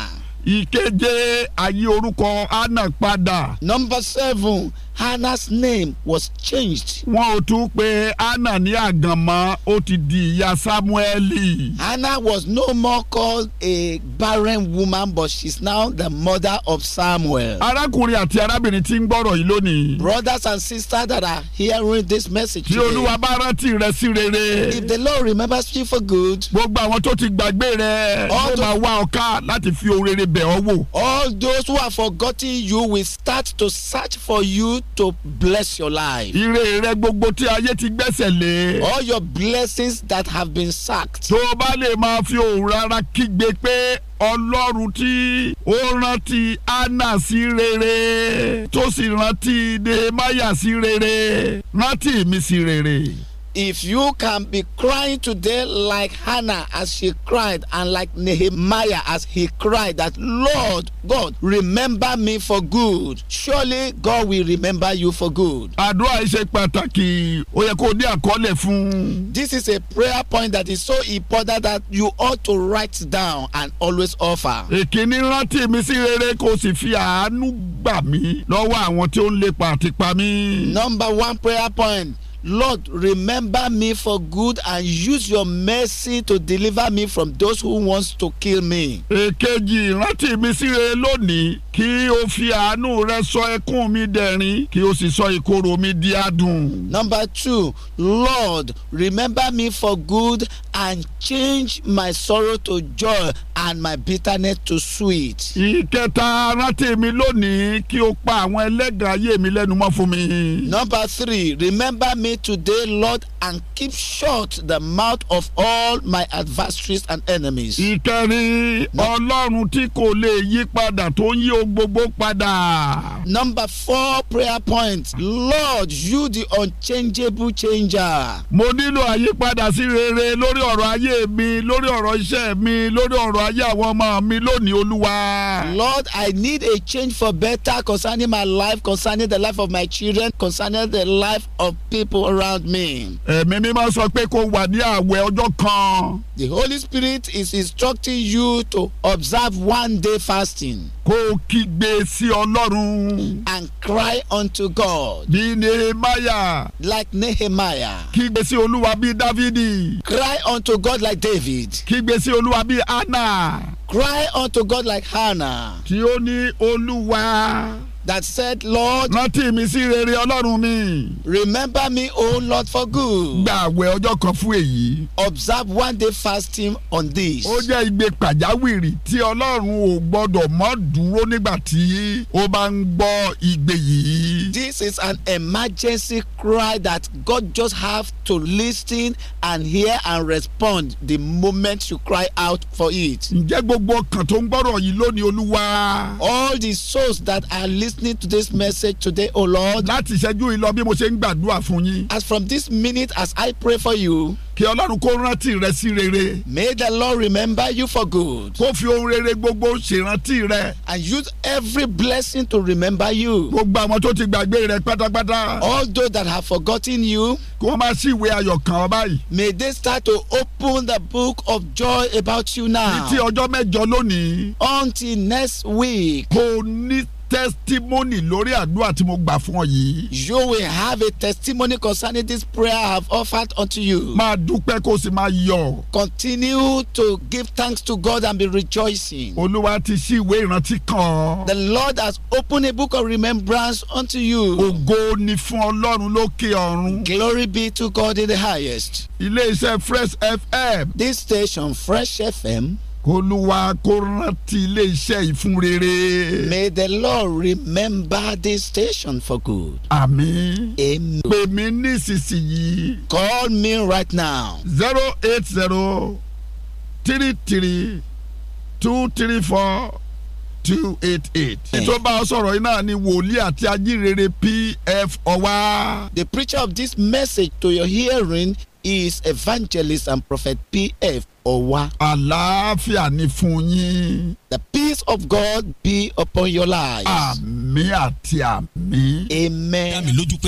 Ìkeje ayé orúkọ Hannah padà. Number seven. Hannah's name was changed. Wọn ò tún pe Hannah ní àgànmọ́, ó ti di ìyá Sámúẹ́lì. Hannah was no more called a barren woman but she is now the mother of Samuel. Arákùnrin àti arábìnrin tí ń gbọ́rọ̀ yìí lónìí. Brothers and sisters that are hearing this message today. Bí Olúwa bá rántí rẹ sí rere. If the Lord remembers you for good. Gbogbo àwọn tó ti gbàgbé rẹ ló máa wá ọ láti fi oore bẹ̀ ọ́ wò. All those who have forgotten you will start to search for you to bless your life. ire rẹ gbogbo tí ayé ti gbẹ́sẹ̀ lé. all your blessings that have been sacked. tó o bá lè máa fi òun rárá kígbe pé ọlọ́run tí ó rántí anna sí rere tó sì rántí nehemiah sí rere rántí mi sí rere. if you can be crying today like Hannah as she cried and like Nehemiah as he cried that Lord God remember me for good surely God will remember you for good. this is a prayer point that is so important that you ought to write down and always offer. sí number one prayer point Lord, remember me for good and use your mercy to deliver me from those who want to kill me. Èkejì ìrántí mi síre lónìí kí o fi àánú rẹ sọ ẹkún mi dẹ̀rín kí o sì sọ ìkorò mi di adùn. Number two, Lord, remember me for good and change my sorrow to joy and my bitterness to sweet. Ìkẹta rántí mi lónìí kí o pa àwọn ẹlẹ́gàá ayé mi lẹ́nu mọ́ fún mi. Number three, remember me. me today, Lord, and keep shut the mouth of all my adversaries and enemies. Ìkẹrin Ọlọ́run tí kò lè yí padà tó ń yí o gbogbo padà. Number four prayer point Lord you the unchangeable changer. Mo nílò àyípadà sí rere lórí ọ̀rọ̀ ayé mi lórí ọ̀rọ̀ iṣẹ́ mi lórí ọ̀rọ̀ ayé àwọn ọmọ mi lónìí Olúwa. Lord I need a change for better concerning my life concerning the life of my children concerning the life of people. people around me. Ẹ̀mí mímọ́ sọ pé kó wà ní àwẹ̀ ọjọ́ kan. The Holy Spirit is instructing you to observe one day fasting. Kó kígbe sí Ọlọ́run. And cry unto God. Bí Nehemiah. Like Nehemiah. Kígbe sí Olúwa bí Dávidi. Cry unto God like David. Kígbe sí Olúwa bí Anna. Cry unto God like Hannah. Tí ó ní Olúwa that said lord. rántí mi sí rere ọlọ́run mi. remember me o lord for good. gba àwẹ̀ ọjọ́ kan fún èyí. observe one day fasting on this. ó jẹ́ igbe pàjáwìrì tí ọlọ́run ò gbọ́dọ̀ mọ́ dúró nígbà tí ó bá ń gbọ́ igbe yìí. this is an emergency cry that God just have to listen and hear and respond the moment you cry out for it. ǹjẹ́ gbogbo ọkàn tó ń gbọ́rọ̀ yìí lónìí olúwa. all the souls that are listening listening to this message today, O oh Lord. Láti ìṣẹ́jú yìí bí mo ṣe ń gbàdúrà fún yín. As from this minute as I pray for you kí ọlọ́run kó rántí rẹ sí rere. may the lord remember you for good. kó fi ohun rere gbogbo ṣèrántí rẹ. and use every blessing to remember you. gbogbo àwọn tó ti gbàgbé rẹ pátápátá. all those that have forgotten you. kí wọ́n máa ṣí ayọ̀ kan ọ báyìí. may they start to open the book of joy about you now. títí ọjọ́ mẹ́jọ lónìí. until next week. kò ní testimony lórí àdúrà tí mo gbà fún ọ yìí. you will have a testimony concerning this prayer I have offered unto you. máa dùn dúpẹ́ kó sì máa yọ̀. continue to give thanks to God and be rejoicing. olúwa ti ṣí ìwé ìrántí kan. the Lord has opened a book of remembrance unto you. ògo ni fún ọlọ́run lókè ọ̀run. glory be to God in the highest. ilé iṣẹ́ Fresh FM. this station Fresh FM olúwa kó rántí ilé-iṣẹ́ ìfún rere. may the lord remember this station for good. àmín. amen. pè mí nísinsìnyí. call me right now. zero eight zero three three two three four two eight eight. ètò bá a sọ̀rọ̀ yìí náà ni wòlíì àti ajírere pf ọwá. the preacher of this message to your hearing is evangelist and prophet P.F. Owa. Àlàáfíà ni fún yín. The peace of God be upon your life. Àmì àti àmì. Amen.